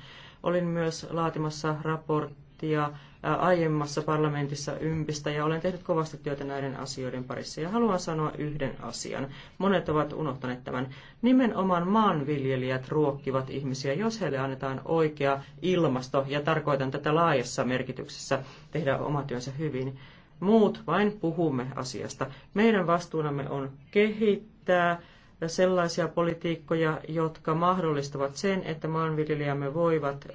Olin myös laatimassa raporttia aiemmassa parlamentissa ympistä ja olen tehnyt kovasti työtä näiden asioiden parissa ja haluan sanoa yhden asian. Monet ovat unohtaneet tämän. Nimenomaan maanviljelijät ruokkivat ihmisiä, jos heille annetaan oikea ilmasto ja tarkoitan tätä laajassa merkityksessä tehdä oma työnsä hyvin. Muut vain puhumme asiasta. Meidän vastuunamme on kehittää sellaisia politiikkoja, jotka mahdollistavat sen, että maanviljelijämme voivat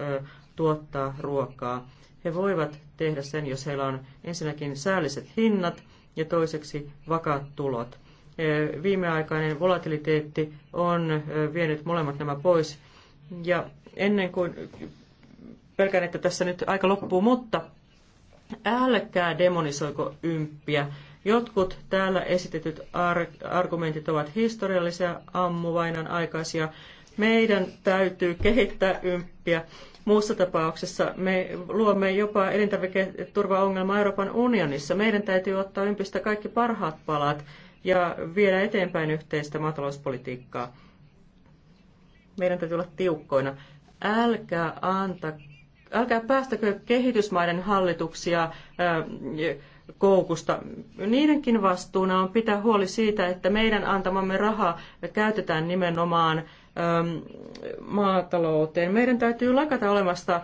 tuottaa ruokaa he voivat tehdä sen, jos heillä on ensinnäkin säälliset hinnat ja toiseksi vakaat tulot. Viimeaikainen volatiliteetti on vienyt molemmat nämä pois. Ja ennen kuin pelkään, että tässä nyt aika loppuu, mutta älkää demonisoiko ymppiä. Jotkut täällä esitetyt argumentit ovat historiallisia ammuvainan aikaisia. Meidän täytyy kehittää ymppiä Muussa tapauksessa me luomme jopa elintarviketurvaongelmaa Euroopan unionissa. Meidän täytyy ottaa ympistä kaikki parhaat palat ja viedä eteenpäin yhteistä maatalouspolitiikkaa. Meidän täytyy olla tiukkoina. Älkää anta, älkää päästäkö kehitysmaiden hallituksia koukusta. Niidenkin vastuuna on pitää huoli siitä, että meidän antamamme raha käytetään nimenomaan Ähm, maatalouteen. Meidän täytyy lakata olemasta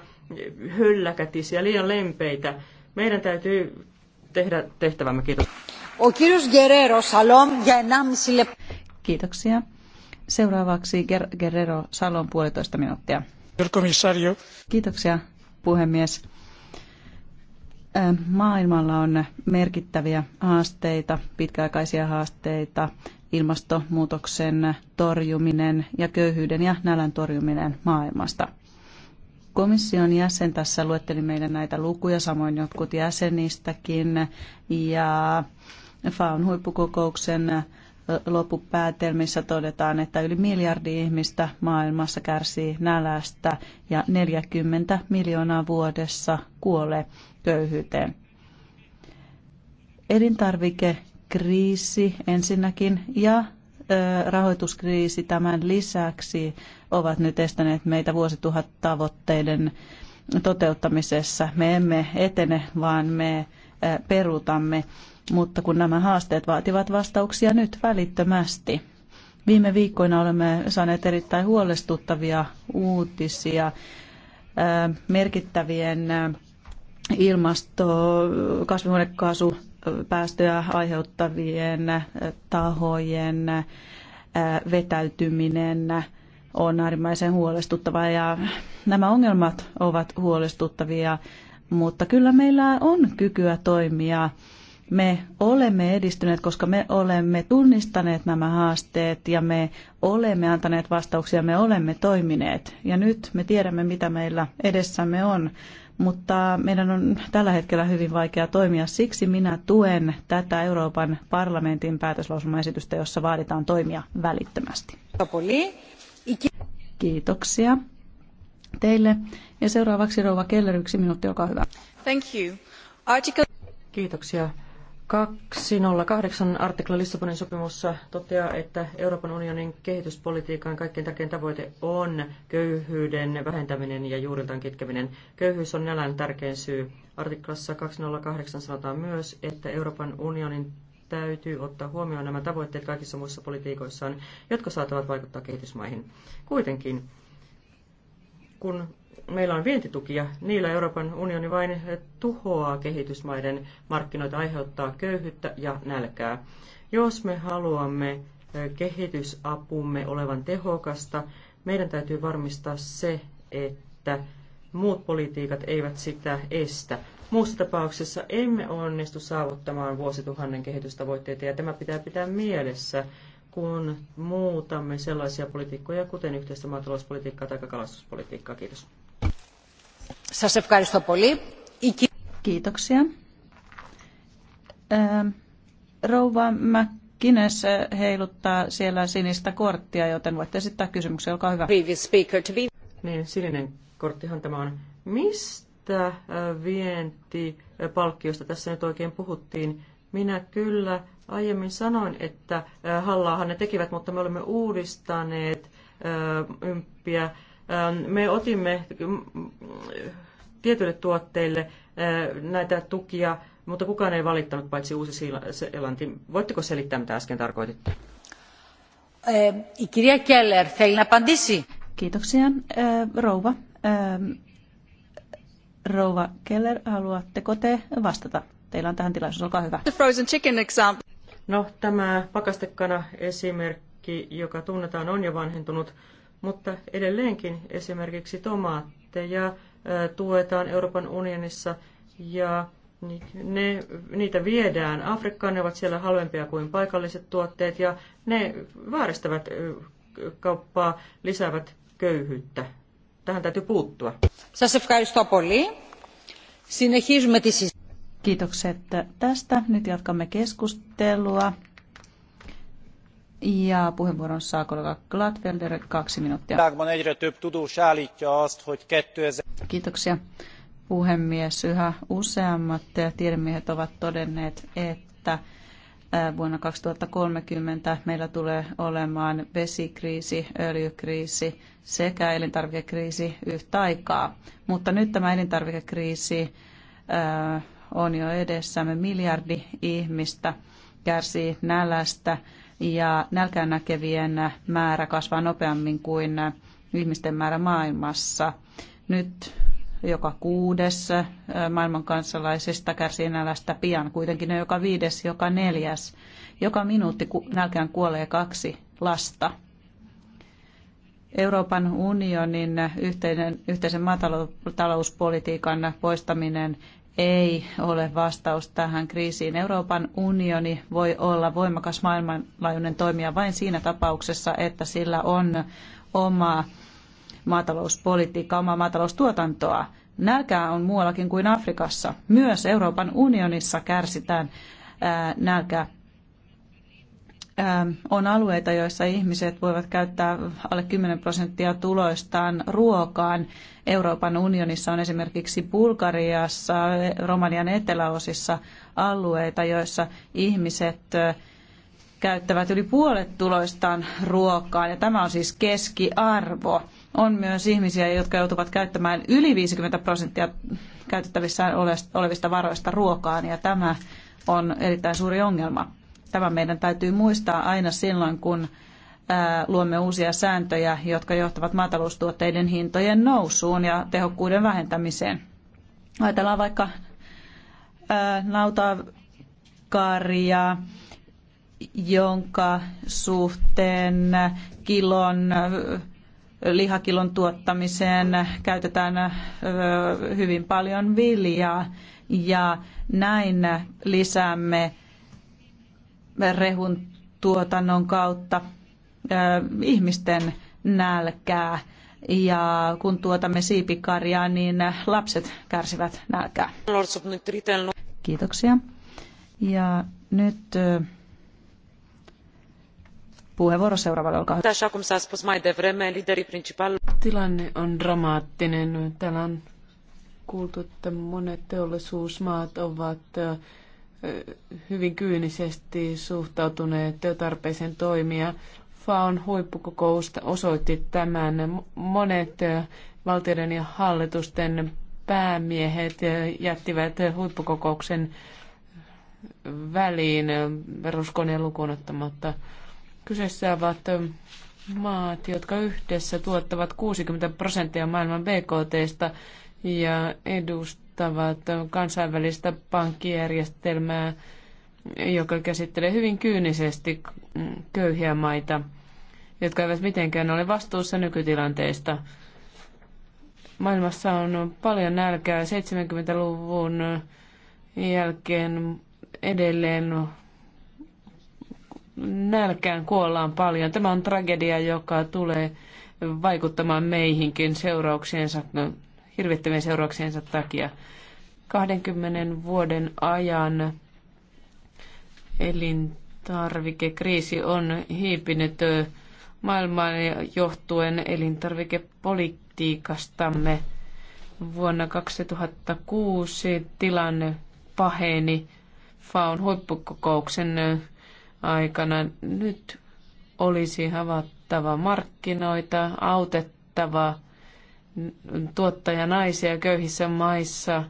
hölläkätisiä, liian lempeitä. Meidän täytyy tehdä tehtävämme. Kiitos. O kirjus Guerrero, salom ja Kiitoksia. Seuraavaksi Guerrero Salon puolitoista minuuttia. Kiitoksia puhemies. Maailmalla on merkittäviä haasteita, pitkäaikaisia haasteita, ilmastonmuutoksen torjuminen ja köyhyyden ja nälän torjuminen maailmasta. Komission jäsen tässä luetteli meille näitä lukuja, samoin jotkut jäsenistäkin, ja FAUN huippukokouksen loppupäätelmissä todetaan, että yli miljardi ihmistä maailmassa kärsii nälästä ja 40 miljoonaa vuodessa kuolee köyhyyteen. Elintarvikekriisi ensinnäkin ja rahoituskriisi tämän lisäksi ovat nyt estäneet meitä vuosituhat tavoitteiden toteuttamisessa. Me emme etene, vaan me perutamme, mutta kun nämä haasteet vaativat vastauksia nyt välittömästi. Viime viikkoina olemme saaneet erittäin huolestuttavia uutisia merkittävien ilmasto, kasvihuonekaasu, päästöjä aiheuttavien äh, tahojen äh, vetäytyminen on äärimmäisen huolestuttavaa ja nämä ongelmat ovat huolestuttavia, mutta kyllä meillä on kykyä toimia. Me olemme edistyneet, koska me olemme tunnistaneet nämä haasteet ja me olemme antaneet vastauksia, me olemme toimineet. Ja nyt me tiedämme, mitä meillä edessämme on mutta meidän on tällä hetkellä hyvin vaikea toimia. Siksi minä tuen tätä Euroopan parlamentin päätöslausumaesitystä, jossa vaaditaan toimia välittömästi. Kiitoksia teille. Ja seuraavaksi rouva Keller, yksi minuutti, olkaa hyvä. Thank you. Article... Kiitoksia. 208 artikla Lissabonin sopimussa toteaa, että Euroopan unionin kehityspolitiikan kaikkein tärkein tavoite on köyhyyden vähentäminen ja juuriltaan kitkeminen. Köyhyys on nälän tärkein syy. Artiklassa 208 sanotaan myös, että Euroopan unionin täytyy ottaa huomioon nämä tavoitteet kaikissa muissa politiikoissaan, jotka saattavat vaikuttaa kehitysmaihin. Kuitenkin, kun meillä on vientitukia. Niillä Euroopan unioni vain tuhoaa kehitysmaiden markkinoita, aiheuttaa köyhyyttä ja nälkää. Jos me haluamme kehitysapumme olevan tehokasta, meidän täytyy varmistaa se, että muut politiikat eivät sitä estä. Muussa tapauksessa emme onnistu saavuttamaan vuosituhannen kehitystavoitteita, ja tämä pitää pitää mielessä, kun muutamme sellaisia politiikkoja, kuten yhteistä maatalouspolitiikkaa tai kalastuspolitiikkaa. Kiitos. Kiitoksia. Rouva Mäkkines heiluttaa siellä sinistä korttia, joten voitte esittää kysymyksen. Olkaa hyvä. Niin, sininen korttihan tämä on. Mistä äh, vientipalkkiosta tässä nyt oikein puhuttiin? Minä kyllä aiemmin sanoin, että äh, hallaahan ne tekivät, mutta me olemme uudistaneet äh, ympiä Ähm, me otimme mm, tietyille tuotteille äh, näitä tukia, mutta kukaan ei valittanut paitsi Uusi-Seelanti. Voitteko selittää, mitä äsken tarkoititte? Kirja eh, Keller, Kiitoksia. Eh, rouva, eh, Rouva Keller, haluatteko te vastata? Teillä on tähän tilaisuus, olkaa hyvä. The frozen chicken example. No, tämä pakastekana esimerkki, joka tunnetaan, on jo vanhentunut mutta edelleenkin esimerkiksi tomaatteja tuetaan Euroopan unionissa ja ne, niitä viedään Afrikkaan, ne ovat siellä halvempia kuin paikalliset tuotteet ja ne vääristävät kauppaa, lisäävät köyhyyttä. Tähän täytyy puuttua. Kiitokset tästä. Nyt jatkamme keskustelua. Ja puheenvuoron saa kollega Gladfelder, kaksi minuuttia. Kiitoksia puhemies. Yhä useammat tiedemiehet ovat todenneet, että vuonna 2030 meillä tulee olemaan vesikriisi, öljykriisi sekä elintarvikekriisi yhtä aikaa. Mutta nyt tämä elintarvikekriisi on jo edessämme. Miljardi ihmistä kärsii nälästä ja nälkään näkevien määrä kasvaa nopeammin kuin ihmisten määrä maailmassa. Nyt joka kuudes maailman kansalaisista kärsii nälästä pian, kuitenkin ne joka viides, joka neljäs. Joka minuutti nälkään kuolee kaksi lasta. Euroopan unionin yhteinen, yhteisen maatalouspolitiikan poistaminen ei ole vastaus tähän kriisiin. Euroopan unioni voi olla voimakas maailmanlaajuinen toimija vain siinä tapauksessa, että sillä on oma maatalouspolitiikka, omaa maataloustuotantoa. Nälkää on muuallakin kuin Afrikassa. Myös Euroopan unionissa kärsitään nälkää Ähm, on alueita, joissa ihmiset voivat käyttää alle 10 prosenttia tuloistaan ruokaan. Euroopan unionissa on esimerkiksi Bulgariassa, Romanian eteläosissa alueita, joissa ihmiset käyttävät yli puolet tuloistaan ruokaan, ja tämä on siis keskiarvo. On myös ihmisiä, jotka joutuvat käyttämään yli 50 prosenttia käytettävissä olevista varoista ruokaan, ja tämä on erittäin suuri ongelma. Tämä meidän täytyy muistaa aina silloin, kun luomme uusia sääntöjä, jotka johtavat maataloustuotteiden hintojen nousuun ja tehokkuuden vähentämiseen. Ajatellaan vaikka nautakaaria, jonka suhteen kilon, lihakilon tuottamiseen käytetään hyvin paljon viljaa ja näin lisäämme rehun tuotannon kautta ihmisten nälkää ja kun tuotamme siipikarjaa, niin lapset kärsivät nälkää. Kiitoksia. Ja nyt puheenvuoro seuraavalle, olkaa hyvä. Tilanne on dramaattinen. Täällä on kuultu, että monet teollisuusmaat ovat hyvin kyynisesti suhtautuneet tarpeeseen toimia. FAON huippukokousta osoitti tämän. Monet valtioiden ja hallitusten päämiehet jättivät huippukokouksen väliin peruskoneen lukuun ottamatta. Kyseessä ovat maat, jotka yhdessä tuottavat 60 prosenttia maailman BKTstä ja edust että on kansainvälistä pankkijärjestelmää, joka käsittelee hyvin kyynisesti köyhiä maita, jotka eivät mitenkään ole vastuussa nykytilanteesta. Maailmassa on paljon nälkää 70-luvun jälkeen edelleen nälkään kuollaan paljon. Tämä on tragedia, joka tulee vaikuttamaan meihinkin seurauksiensa hirvittävien seurauksiensa takia. 20 vuoden ajan elintarvikekriisi on hiipinyt maailmaan johtuen elintarvikepolitiikastamme. Vuonna 2006 tilanne paheni FAUN huippukokouksen aikana. Nyt olisi havattava markkinoita, autettava tuottajanaisia köyhissä maissa,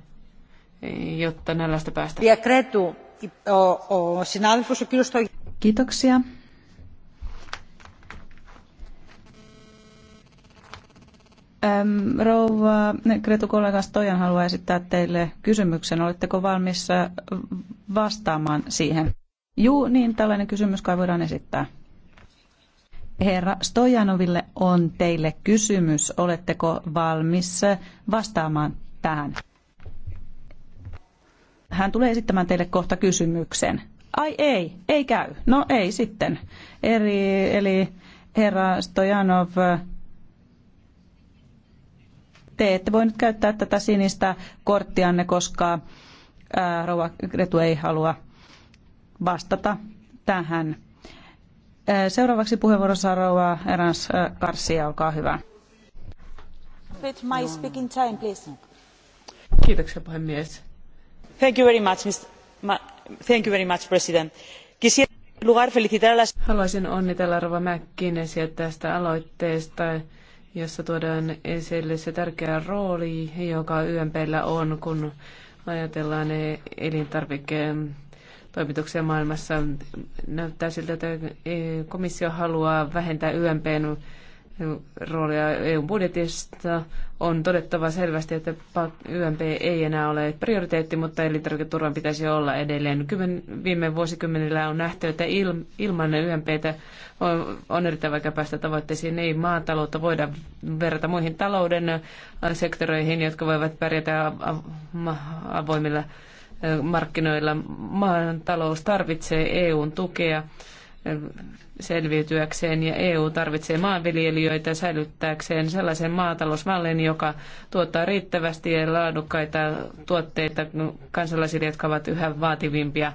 jotta nälästä päästään. Kiitoksia. Rouva Kretu kollega Stojan haluaa esittää teille kysymyksen. Oletteko valmis vastaamaan siihen? Juu, niin tällainen kysymys kai voidaan esittää. Herra Stojanoville on teille kysymys. Oletteko valmis vastaamaan tähän? Hän tulee esittämään teille kohta kysymyksen. Ai ei, ei käy. No ei sitten. Eli, eli herra Stojanov, te ette voi nyt käyttää tätä sinistä korttianne, koska ää, rouva Kretu ei halua vastata tähän Seuraavaksi puheenvuoro saa rouva Erans Karsia, olkaa hyvä. My speaking time, please. Kiitoksia puhemies. Thank you very much, Mr. Thank you very much, President. Haluaisin onnitella Rova McKinneysiä tästä aloitteesta, jossa tuodaan esille se tärkeä rooli, joka YMPllä on, kun ajatellaan elintarvikkeen toimituksia maailmassa. Näyttää siltä, että komissio haluaa vähentää YMPn roolia EU-budjetista. On todettava selvästi, että YMP ei enää ole prioriteetti, mutta elintarviketurvan pitäisi olla edelleen. Kymmen, viime vuosikymmenillä on nähty, että il, ilman YMPtä on, on erittäin vaikea päästä tavoitteisiin. Ei maataloutta voida verrata muihin talouden sektoreihin, jotka voivat pärjätä avoimilla markkinoilla. Maan talous tarvitsee EUn tukea selviytyäkseen ja EU tarvitsee maanviljelijöitä säilyttääkseen sellaisen maatalousmallin, joka tuottaa riittävästi ja laadukkaita tuotteita kansalaisille, jotka ovat yhä vaativimpia.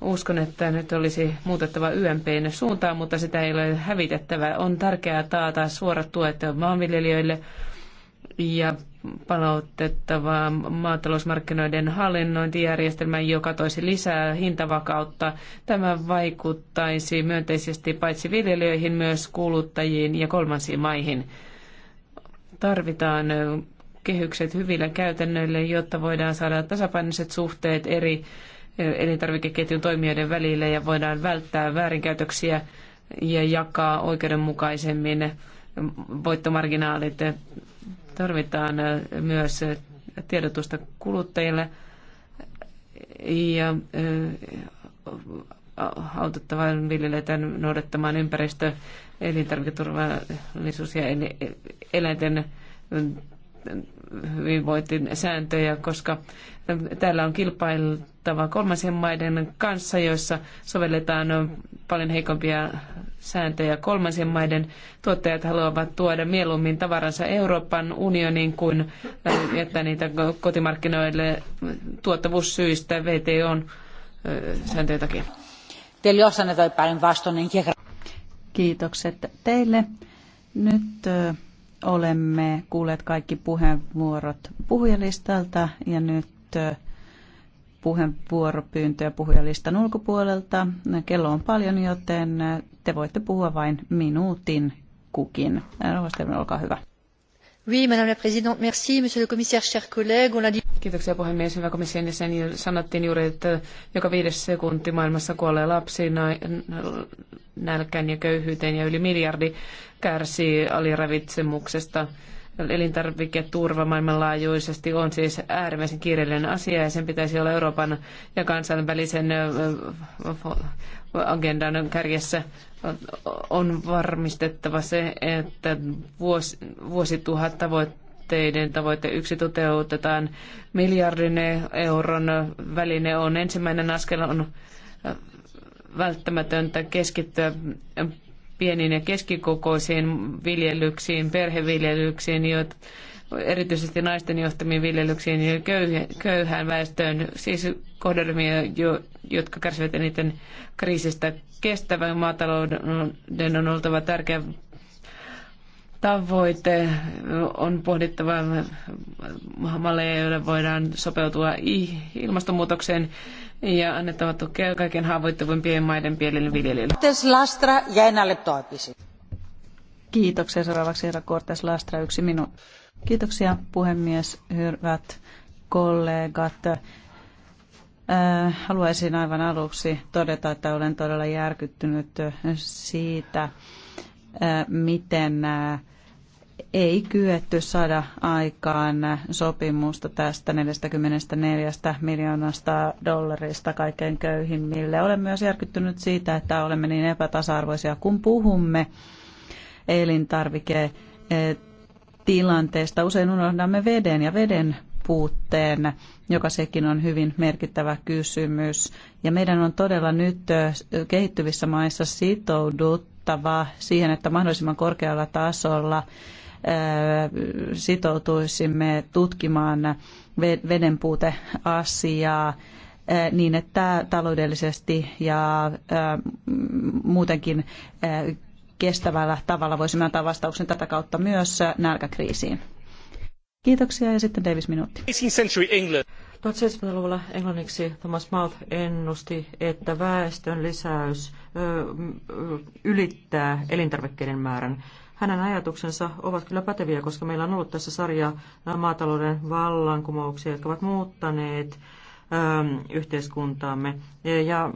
Uskon, että nyt olisi muutettava YMPn suuntaan, mutta sitä ei ole hävitettävä. On tärkeää taata suorat tuet maanviljelijöille ja palautettava maatalousmarkkinoiden hallinnointijärjestelmä, joka toisi lisää hintavakautta. Tämä vaikuttaisi myönteisesti paitsi viljelijöihin, myös kuluttajiin ja kolmansiin maihin. Tarvitaan kehykset hyville käytännöille jotta voidaan saada tasapainoiset suhteet eri elintarvikeketjun toimijoiden välillä ja voidaan välttää väärinkäytöksiä ja jakaa oikeudenmukaisemmin voittomarginaalit Tarvitaan äh, myös äh, tiedotusta kuluttajille ja äh, autettava viljelijöitä noudattamaan ympäristö, elintarviketurvallisuus ja eläinten hyvinvointin sääntöjä, koska Täällä on kilpailtava kolmansien maiden kanssa, joissa sovelletaan paljon heikompia sääntöjä. Kolmansien maiden tuottajat haluavat tuoda mieluummin tavaransa Euroopan unioniin kuin äh, jättää niitä kotimarkkinoille tuottavuussyistä VTOn äh, sääntöjen takia. Teillä εδώ οι παρεμβάσεις Kiitokset teille. Nyt olemme kuulleet kaikki puheenvuorot puhujalistalta ja nyt puheenvuoropyyntöjä puhujalistan ulkopuolelta. Kello on paljon, joten te voitte puhua vain minuutin kukin. Rauhastelun, olkaa hyvä. Oui, madame la présidente, merci, monsieur le commissaire, chers collègues. On a dit... Kiitoksia puhemies, hyvä komission jäsen. Sanottiin juuri, että joka viides sekunti maailmassa kuolee lapsi nälkään ja köyhyyteen ja yli miljardi kärsii aliravitsemuksesta elintarviketurva maailmanlaajuisesti on siis äärimmäisen kiireellinen asia ja sen pitäisi olla Euroopan ja kansainvälisen agendan kärjessä. On varmistettava se, että vuosi, vuosituhat tavoitteiden tavoite yksi toteutetaan. Miljardin euron väline on ensimmäinen askel on välttämätöntä keskittyä pieniin ja keskikokoisiin viljelyksiin, perheviljelyksiin, joita erityisesti naisten johtamiin viljelyksiin ja köyhään väestöön, siis kohderyhmiä, jotka kärsivät eniten kriisistä. Kestävän maatalouden on oltava tärkeä tavoite. On pohdittava malleja, joilla voidaan sopeutua ilmastonmuutokseen ja annettava tukea kaiken haavoittuvimpien maiden pienille viljelijöille. Lastra ja enää Kiitoksia seuraavaksi herra Cortes Lastra, yksi minuutti. Kiitoksia puhemies, hyvät kollegat. Äh, haluaisin aivan aluksi todeta, että olen todella järkyttynyt siitä, äh, miten äh, ei kyetty saada aikaan sopimusta tästä 44 miljoonasta dollarista kaikkein köyhimmille. Olen myös järkyttynyt siitä, että olemme niin epätasa-arvoisia, kun puhumme elintarviketilanteesta. Eh, Usein unohdamme veden ja veden puutteen, joka sekin on hyvin merkittävä kysymys. Ja meidän on todella nyt eh, kehittyvissä maissa sitouduttava siihen, että mahdollisimman korkealla tasolla sitoutuisimme tutkimaan vedenpuuteasiaa niin, että taloudellisesti ja muutenkin kestävällä tavalla voisimme antaa vastauksen tätä kautta myös nälkäkriisiin. Kiitoksia ja sitten Davis minuutti. 1700-luvulla englanniksi Thomas Mouth ennusti, että väestön lisäys ylittää elintarvikkeiden määrän hänen ajatuksensa ovat kyllä päteviä, koska meillä on ollut tässä sarja maatalouden vallankumouksia, jotka ovat muuttaneet ähm, yhteiskuntaamme. Ja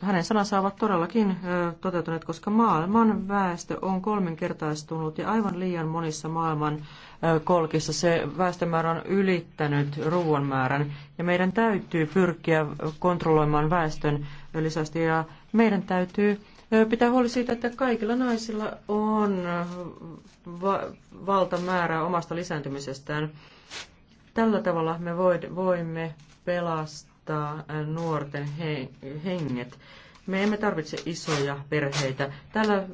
hänen sanansa ovat todellakin äh, toteutuneet, koska maailman väestö on kolminkertaistunut ja aivan liian monissa maailman äh, kolkissa se väestömäärä on ylittänyt ruoan määrän. Ja meidän täytyy pyrkiä kontrolloimaan väestön lisästi ja meidän täytyy pitää huoli siitä, että kaikilla naisilla on va- valtamäärää omasta lisääntymisestään. Tällä tavalla me voimme pelastaa nuorten henget. Me emme tarvitse isoja perheitä. Täällä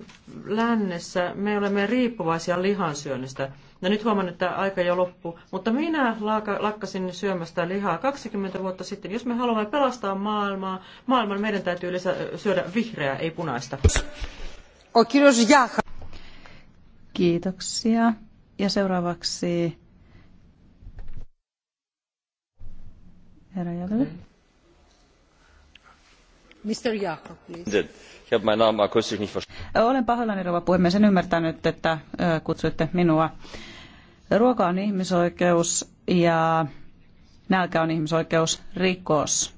lännessä me olemme riippuvaisia lihansyönnistä No nyt huomaan, että aika jo loppu. Mutta minä lakkasin syömästä lihaa 20 vuotta sitten. Jos me haluamme pelastaa maailmaa, maailman meidän täytyy lisä, syödä vihreää, ei punaista. Kiitoksia. Ja seuraavaksi herra Jalvi. Mr. Jakob, please. Olen pahoillani, rouva puhemies. En ymmärtänyt, että kutsuitte minua Ruoka on ihmisoikeus ja nälkä on ihmisoikeus rikos.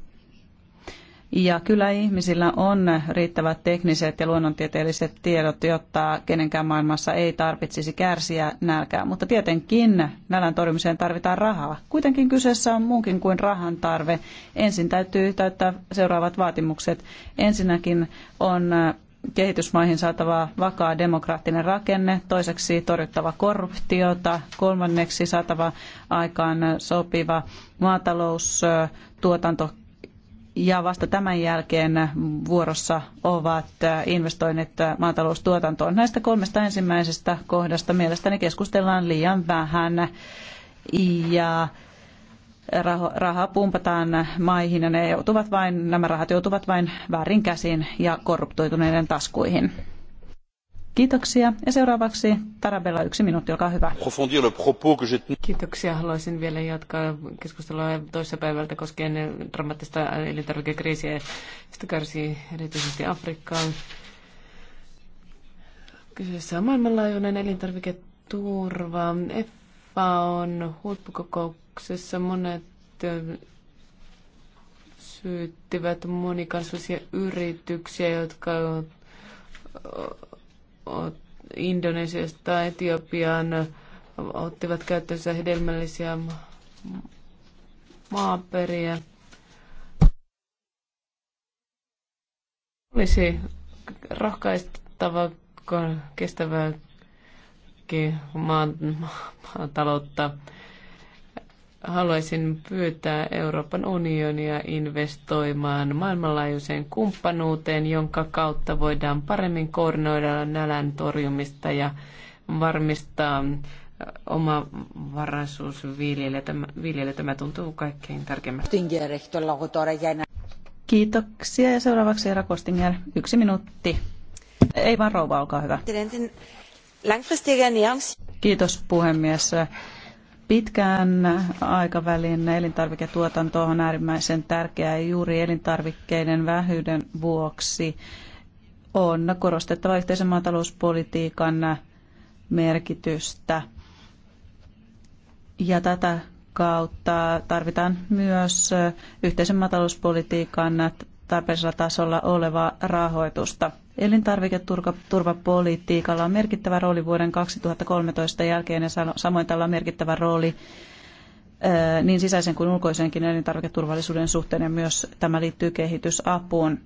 Ja kyllä ihmisillä on riittävät tekniset ja luonnontieteelliset tiedot, jotta kenenkään maailmassa ei tarvitsisi kärsiä nälkää. Mutta tietenkin nälän torjumiseen tarvitaan rahaa. Kuitenkin kyseessä on muunkin kuin rahan tarve. Ensin täytyy täyttää seuraavat vaatimukset. Ensinnäkin on kehitysmaihin saatava vakaa demokraattinen rakenne, toiseksi torjuttava korruptiota, kolmanneksi saatava aikaan sopiva maataloustuotanto ja vasta tämän jälkeen vuorossa ovat investoinnit maataloustuotantoon. Näistä kolmesta ensimmäisestä kohdasta mielestäni keskustellaan liian vähän ja rahaa pumpataan maihin ja ne joutuvat vain, nämä rahat joutuvat vain väärin käsiin ja korruptoituneiden taskuihin. Kiitoksia. Ja seuraavaksi Tarabella yksi minuutti, olkaa hyvä. Kiitoksia. Haluaisin vielä jatkaa keskustelua toisessa päivältä koskien dramaattista elintarvikekriisiä, josta kärsii erityisesti Afrikkaan. Kyseessä on maailmanlaajuinen elintarviketurva. EFA on huippukokouksessa semmoinen, monet syyttivät monikansallisia yrityksiä, jotka Indonesiasta Etiopiaan ottivat käyttöönsä hedelmällisiä maaperiä. Olisi rohkaistava kestävää maan, Maa, Maa, haluaisin pyytää Euroopan unionia investoimaan maailmanlaajuiseen kumppanuuteen, jonka kautta voidaan paremmin koordinoida nälän torjumista ja varmistaa oma varaisuus viljelijä. Tämä, tuntuu kaikkein tärkeimmältä. Kiitoksia ja seuraavaksi Eera Kostinger. Yksi minuutti. Ei vaan rouva, olkaa hyvä. Kiitos puhemies pitkään aikavälin elintarviketuotanto on äärimmäisen tärkeää ja juuri elintarvikkeiden vähyyden vuoksi on korostettava yhteisen maatalouspolitiikan merkitystä. Ja tätä kautta tarvitaan myös yhteisen maatalouspolitiikan tarpeellisella tasolla olevaa rahoitusta. Elintarviketurvapolitiikalla on merkittävä rooli vuoden 2013 jälkeen ja samoin tällä on merkittävä rooli niin sisäisen kuin ulkoisenkin elintarviketurvallisuuden suhteen ja myös tämä liittyy kehitysapuun.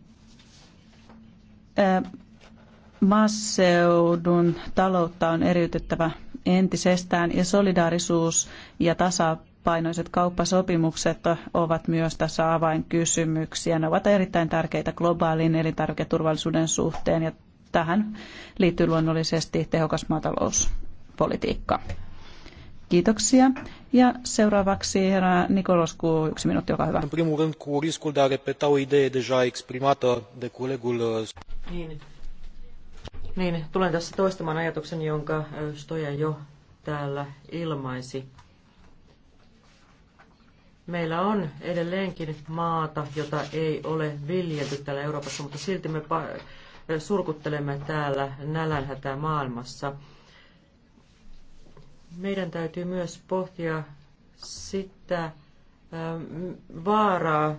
Maaseudun taloutta on eriytettävä entisestään ja solidaarisuus ja tasa tasapainoiset kauppasopimukset ovat myös tässä avainkysymyksiä. Ne ovat erittäin tärkeitä globaalin elintarviketurvallisuuden suhteen ja tähän liittyy luonnollisesti tehokas maatalouspolitiikka. Kiitoksia. Ja seuraavaksi herra Nikolosku, yksi minuutti, joka hyvä. Uh, niin. niin, tulen tässä toistamaan ajatuksen, jonka uh, Stoja jo täällä ilmaisi. Meillä on edelleenkin maata, jota ei ole viljelty täällä Euroopassa, mutta silti me surkuttelemme täällä nälänhätää maailmassa. Meidän täytyy myös pohtia sitä ähm, vaaraa,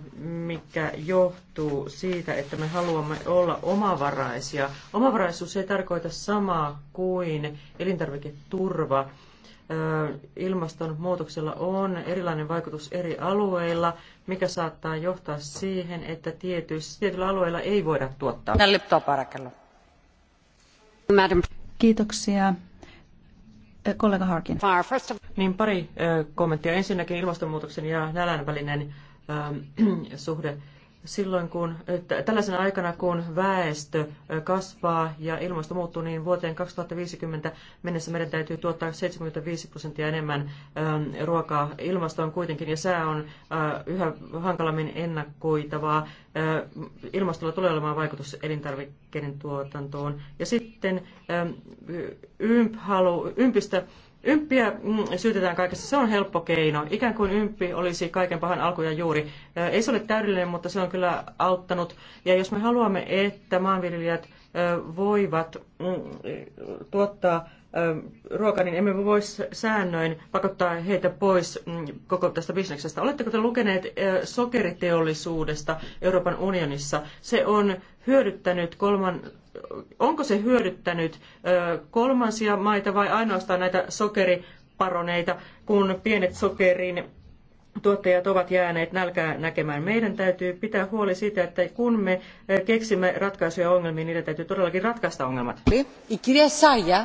mikä johtuu siitä, että me haluamme olla omavaraisia. Omavaraisuus ei tarkoita samaa kuin elintarviketurva ilmastonmuutoksella on erilainen vaikutus eri alueilla, mikä saattaa johtaa siihen, että tietyillä alueilla ei voida tuottaa. Kiitoksia. Kollega Harkin. Niin pari kommenttia. Ensinnäkin ilmastonmuutoksen ja nälän välinen suhde silloin kun, tällaisena aikana, kun väestö kasvaa ja ilmasto muuttuu, niin vuoteen 2050 mennessä meidän täytyy tuottaa 75 prosenttia enemmän ähm, ruokaa. Ilmasto on kuitenkin, ja sää on äh, yhä hankalammin ennakoitavaa. Äh, ilmastolla tulee olemaan vaikutus elintarvikkeiden tuotantoon. Ja sitten ähm, ymp, Ympiä mm, syytetään kaikessa. Se on helppo keino. Ikään kuin ympi olisi kaiken pahan alku ja juuri. Ei se ole täydellinen, mutta se on kyllä auttanut. Ja jos me haluamme, että maanviljelijät voivat mm, tuottaa ruokaa, niin emme voi säännöin pakottaa heitä pois mm, koko tästä bisneksestä. Oletteko te lukeneet sokeriteollisuudesta Euroopan unionissa? Se on hyödyttänyt kolman, onko se hyödyttänyt kolmansia maita vai ainoastaan näitä sokeriparoneita, kun pienet sokerin tuottajat ovat jääneet nälkää näkemään. Meidän täytyy pitää huoli siitä, että kun me keksimme ratkaisuja ongelmiin, niiden täytyy todellakin ratkaista ongelmat. Kirja Saija,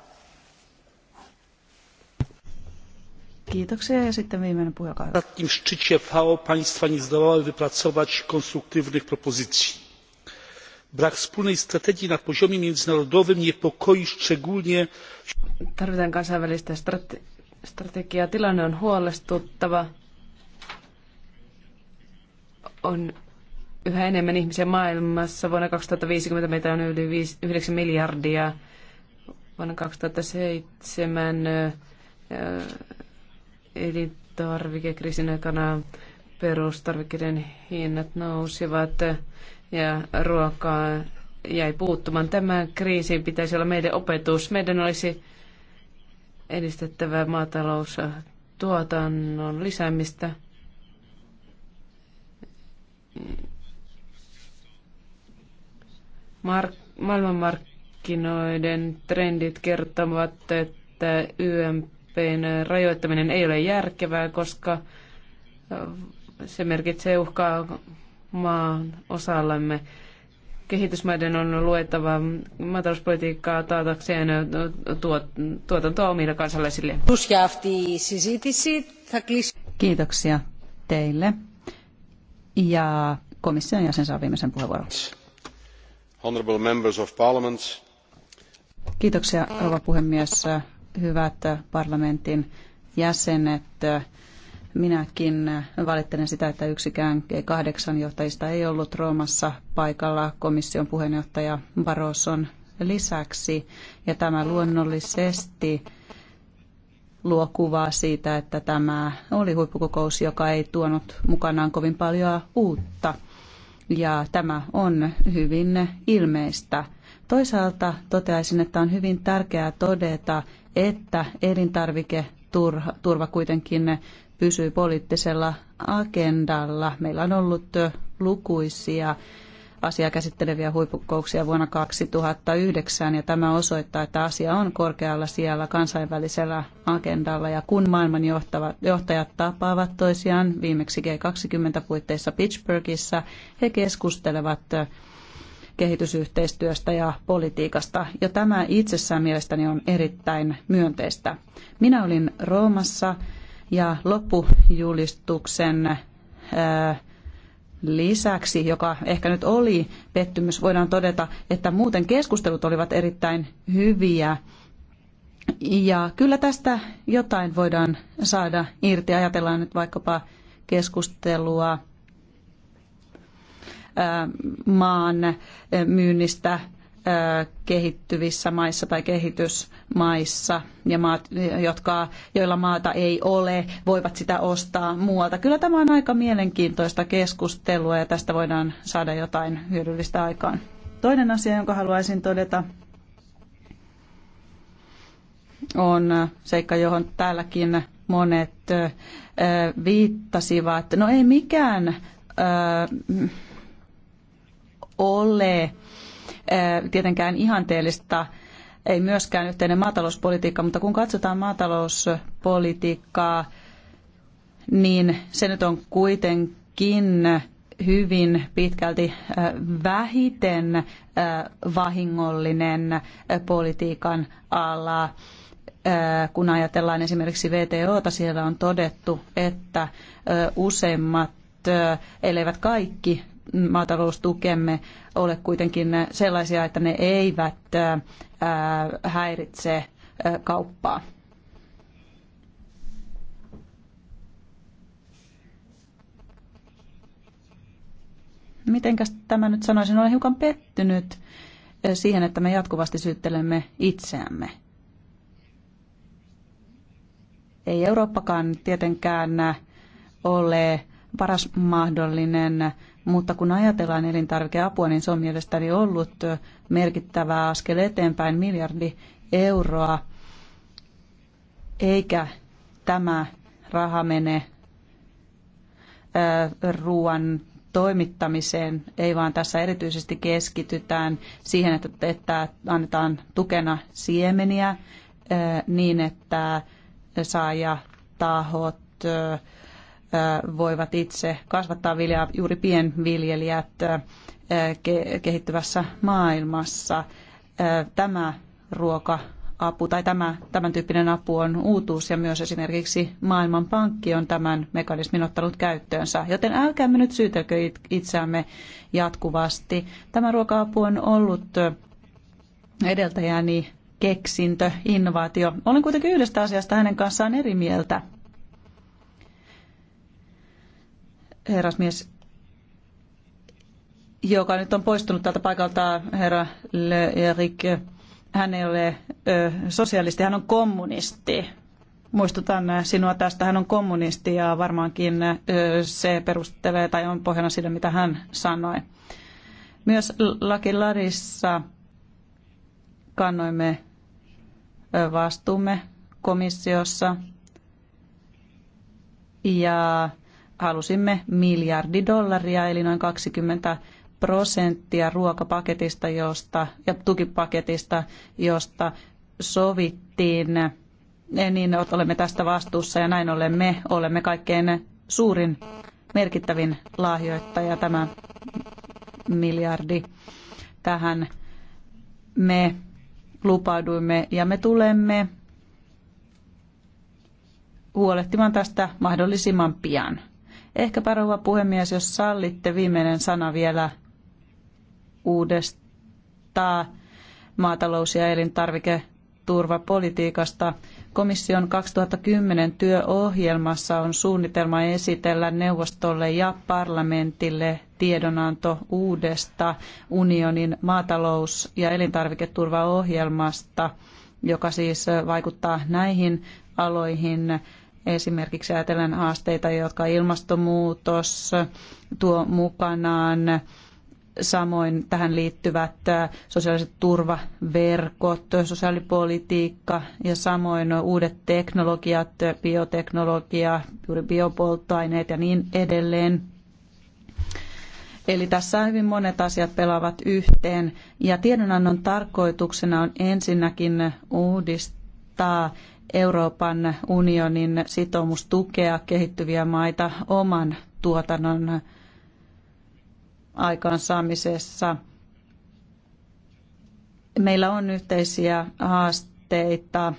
Kiitoksia ja sitten viimeinen puheenvuoro. Ostatnim szczycie FAO państwa nie zdołały wypracować konstruktywnych propozycji. Brak wspólnej strategii na poziomie międzynarodowym niepokoi szczególnie... Tarvitaan kansainvälistä strate- strategiaa. Tilanne on huolestuttava. On yhä enemmän ihmisiä maailmassa. Vuonna 2050 meitä on yli 5, 9 miljardia. Vuonna 2007 öö, elintarvikekriisin aikana perustarvikkeiden hinnat nousivat ja ruokaa jäi puuttumaan. Tämän kriisin pitäisi olla meidän opetus. Meidän olisi edistettävä maataloustuotannon lisäämistä. Mark- maailmanmarkkinoiden trendit kertovat, että YMP tarpeen rajoittaminen ei ole järkevää, koska se merkitsee uhkaa maan osallemme. Kehitysmaiden on luettava maatalouspolitiikkaa taatakseen tuotantoa omille kansalaisille. Kiitoksia teille. Ja komission jäsen saa viimeisen puheenvuoron. Honorable members of parliament. Kiitoksia, rouva puhemies hyvät parlamentin jäsenet. Minäkin valittelen sitä, että yksikään G8-johtajista ei ollut Roomassa paikalla komission puheenjohtaja Barroson lisäksi. Ja tämä luonnollisesti luo kuvaa siitä, että tämä oli huippukokous, joka ei tuonut mukanaan kovin paljon uutta. Ja tämä on hyvin ilmeistä. Toisaalta toteaisin, että on hyvin tärkeää todeta, että elintarviketurva kuitenkin pysyy poliittisella agendalla. Meillä on ollut lukuisia asiaa käsitteleviä huippukouksia vuonna 2009 ja tämä osoittaa, että asia on korkealla siellä kansainvälisellä agendalla ja kun maailman johtavat, johtajat tapaavat toisiaan viimeksi G20 puitteissa Pittsburghissa, he keskustelevat kehitysyhteistyöstä ja politiikasta, ja tämä itsessään mielestäni on erittäin myönteistä. Minä olin Roomassa ja loppujulistuksen äh, lisäksi, joka ehkä nyt oli pettymys, voidaan todeta, että muuten keskustelut olivat erittäin hyviä. Ja kyllä tästä jotain voidaan saada irti. Ajatellaan nyt vaikkapa keskustelua maan myynnistä kehittyvissä maissa tai kehitysmaissa ja maat, jotka, joilla maata ei ole, voivat sitä ostaa muualta. Kyllä tämä on aika mielenkiintoista keskustelua ja tästä voidaan saada jotain hyödyllistä aikaan. Toinen asia, jonka haluaisin todeta, on seikka, johon täälläkin monet viittasivat. No ei mikään ole tietenkään ihanteellista, ei myöskään yhteinen maatalouspolitiikka, mutta kun katsotaan maatalouspolitiikkaa, niin se nyt on kuitenkin hyvin pitkälti vähiten vahingollinen politiikan ala. Kun ajatellaan esimerkiksi VTOta, siellä on todettu, että useimmat, elleivät kaikki maataloustukemme ole kuitenkin sellaisia, että ne eivät häiritse kauppaa. Mitenkäs tämä nyt sanoisin? Olen hiukan pettynyt siihen, että me jatkuvasti syyttelemme itseämme. Ei Eurooppakaan tietenkään ole paras mahdollinen mutta kun ajatellaan elintarvikeapua, niin se on mielestäni ollut merkittävä askel eteenpäin, miljardi euroa, eikä tämä raha mene ruoan toimittamiseen, ei vaan tässä erityisesti keskitytään siihen, että, että annetaan tukena siemeniä niin, että ja tahot voivat itse kasvattaa viljaa, juuri pienviljelijät äh, kehittyvässä maailmassa. Äh, tämä ruoka-apu tai tämä, tämän tyyppinen apu on uutuus ja myös esimerkiksi Maailmanpankki on tämän mekanismin ottanut käyttöönsä. Joten älkäämme nyt syytelkö itseämme jatkuvasti. Tämä ruoka-apu on ollut edeltäjäni keksintö, innovaatio. Olen kuitenkin yhdestä asiasta hänen kanssaan eri mieltä. herrasmies, joka nyt on poistunut tältä paikalta, herra Le Eric, hän ei ole ö, sosialisti, hän on kommunisti. Muistutan sinua tästä, hän on kommunisti ja varmaankin ö, se perustelee tai on pohjana sille, mitä hän sanoi. Myös laki Larissa kannoimme vastuumme komissiossa ja halusimme miljardi dollaria, eli noin 20 prosenttia ruokapaketista josta, ja tukipaketista, josta sovittiin, niin olemme tästä vastuussa ja näin ollen me olemme kaikkein suurin merkittävin lahjoittaja tämä miljardi tähän me lupauduimme ja me tulemme huolehtimaan tästä mahdollisimman pian. Ehkäpä rouva puhemies, jos sallitte viimeinen sana vielä uudesta maatalous- ja elintarviketurvapolitiikasta. Komission 2010 työohjelmassa on suunnitelma esitellä neuvostolle ja parlamentille tiedonanto uudesta unionin maatalous- ja elintarviketurvaohjelmasta, joka siis vaikuttaa näihin aloihin Esimerkiksi ajatellen haasteita, jotka ilmastonmuutos tuo mukanaan. Samoin tähän liittyvät sosiaaliset turvaverkot, sosiaalipolitiikka ja samoin uudet teknologiat, bioteknologia, juuri biopolttoaineet ja niin edelleen. Eli tässä hyvin monet asiat pelaavat yhteen ja tiedonannon tarkoituksena on ensinnäkin uudistaa vastaa Euroopan unionin sitoumus tukea kehittyviä maita oman tuotannon aikaansaamisessa. Meillä on yhteisiä haasteita,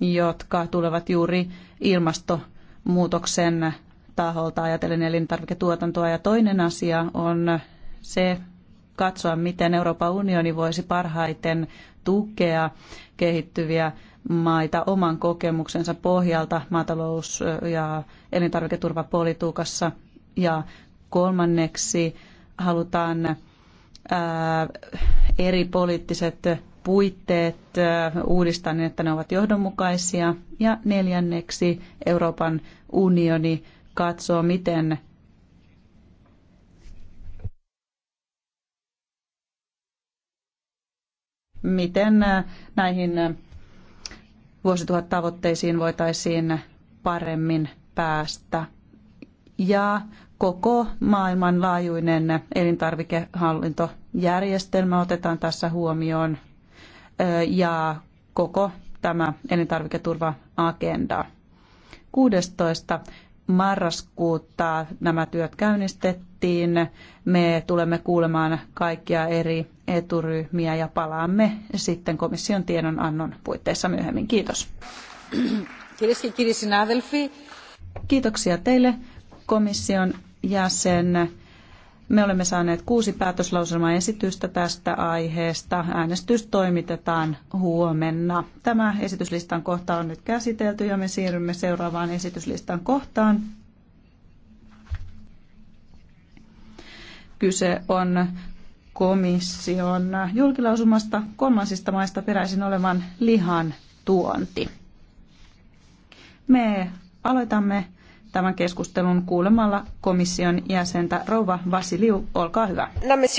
jotka tulevat juuri ilmastonmuutoksen taholta ajatellen elintarviketuotantoa. Ja toinen asia on se katsoa, miten Euroopan unioni voisi parhaiten tukea kehittyviä maita oman kokemuksensa pohjalta maatalous- ja elintarviketurvapolitiikassa. Ja kolmanneksi halutaan eri poliittiset puitteet uudistaa niin, että ne ovat johdonmukaisia. Ja neljänneksi Euroopan unioni katsoo, miten miten äh, näihin äh, vuosituhattavoitteisiin tavoitteisiin voitaisiin paremmin päästä. Ja koko maailmanlaajuinen elintarvikehallintojärjestelmä otetaan tässä huomioon ja koko tämä elintarviketurva-agenda. 16. marraskuuta nämä työt käynnistettiin. Me tulemme kuulemaan kaikkia eri eturyhmiä ja palaamme sitten komission tiedonannon puitteissa myöhemmin. Kiitos. Kiitoksia teille komission jäsen. Me olemme saaneet kuusi esitystä tästä aiheesta. Äänestys toimitetaan huomenna. Tämä esityslistan kohta on nyt käsitelty ja me siirrymme seuraavaan esityslistan kohtaan. Kyse on komission julkilausumasta kolmansista maista peräisin olevan lihan tuonti. Me aloitamme tämän keskustelun kuulemalla komission jäsentä Rouva Vasiliu, olkaa hyvä. No,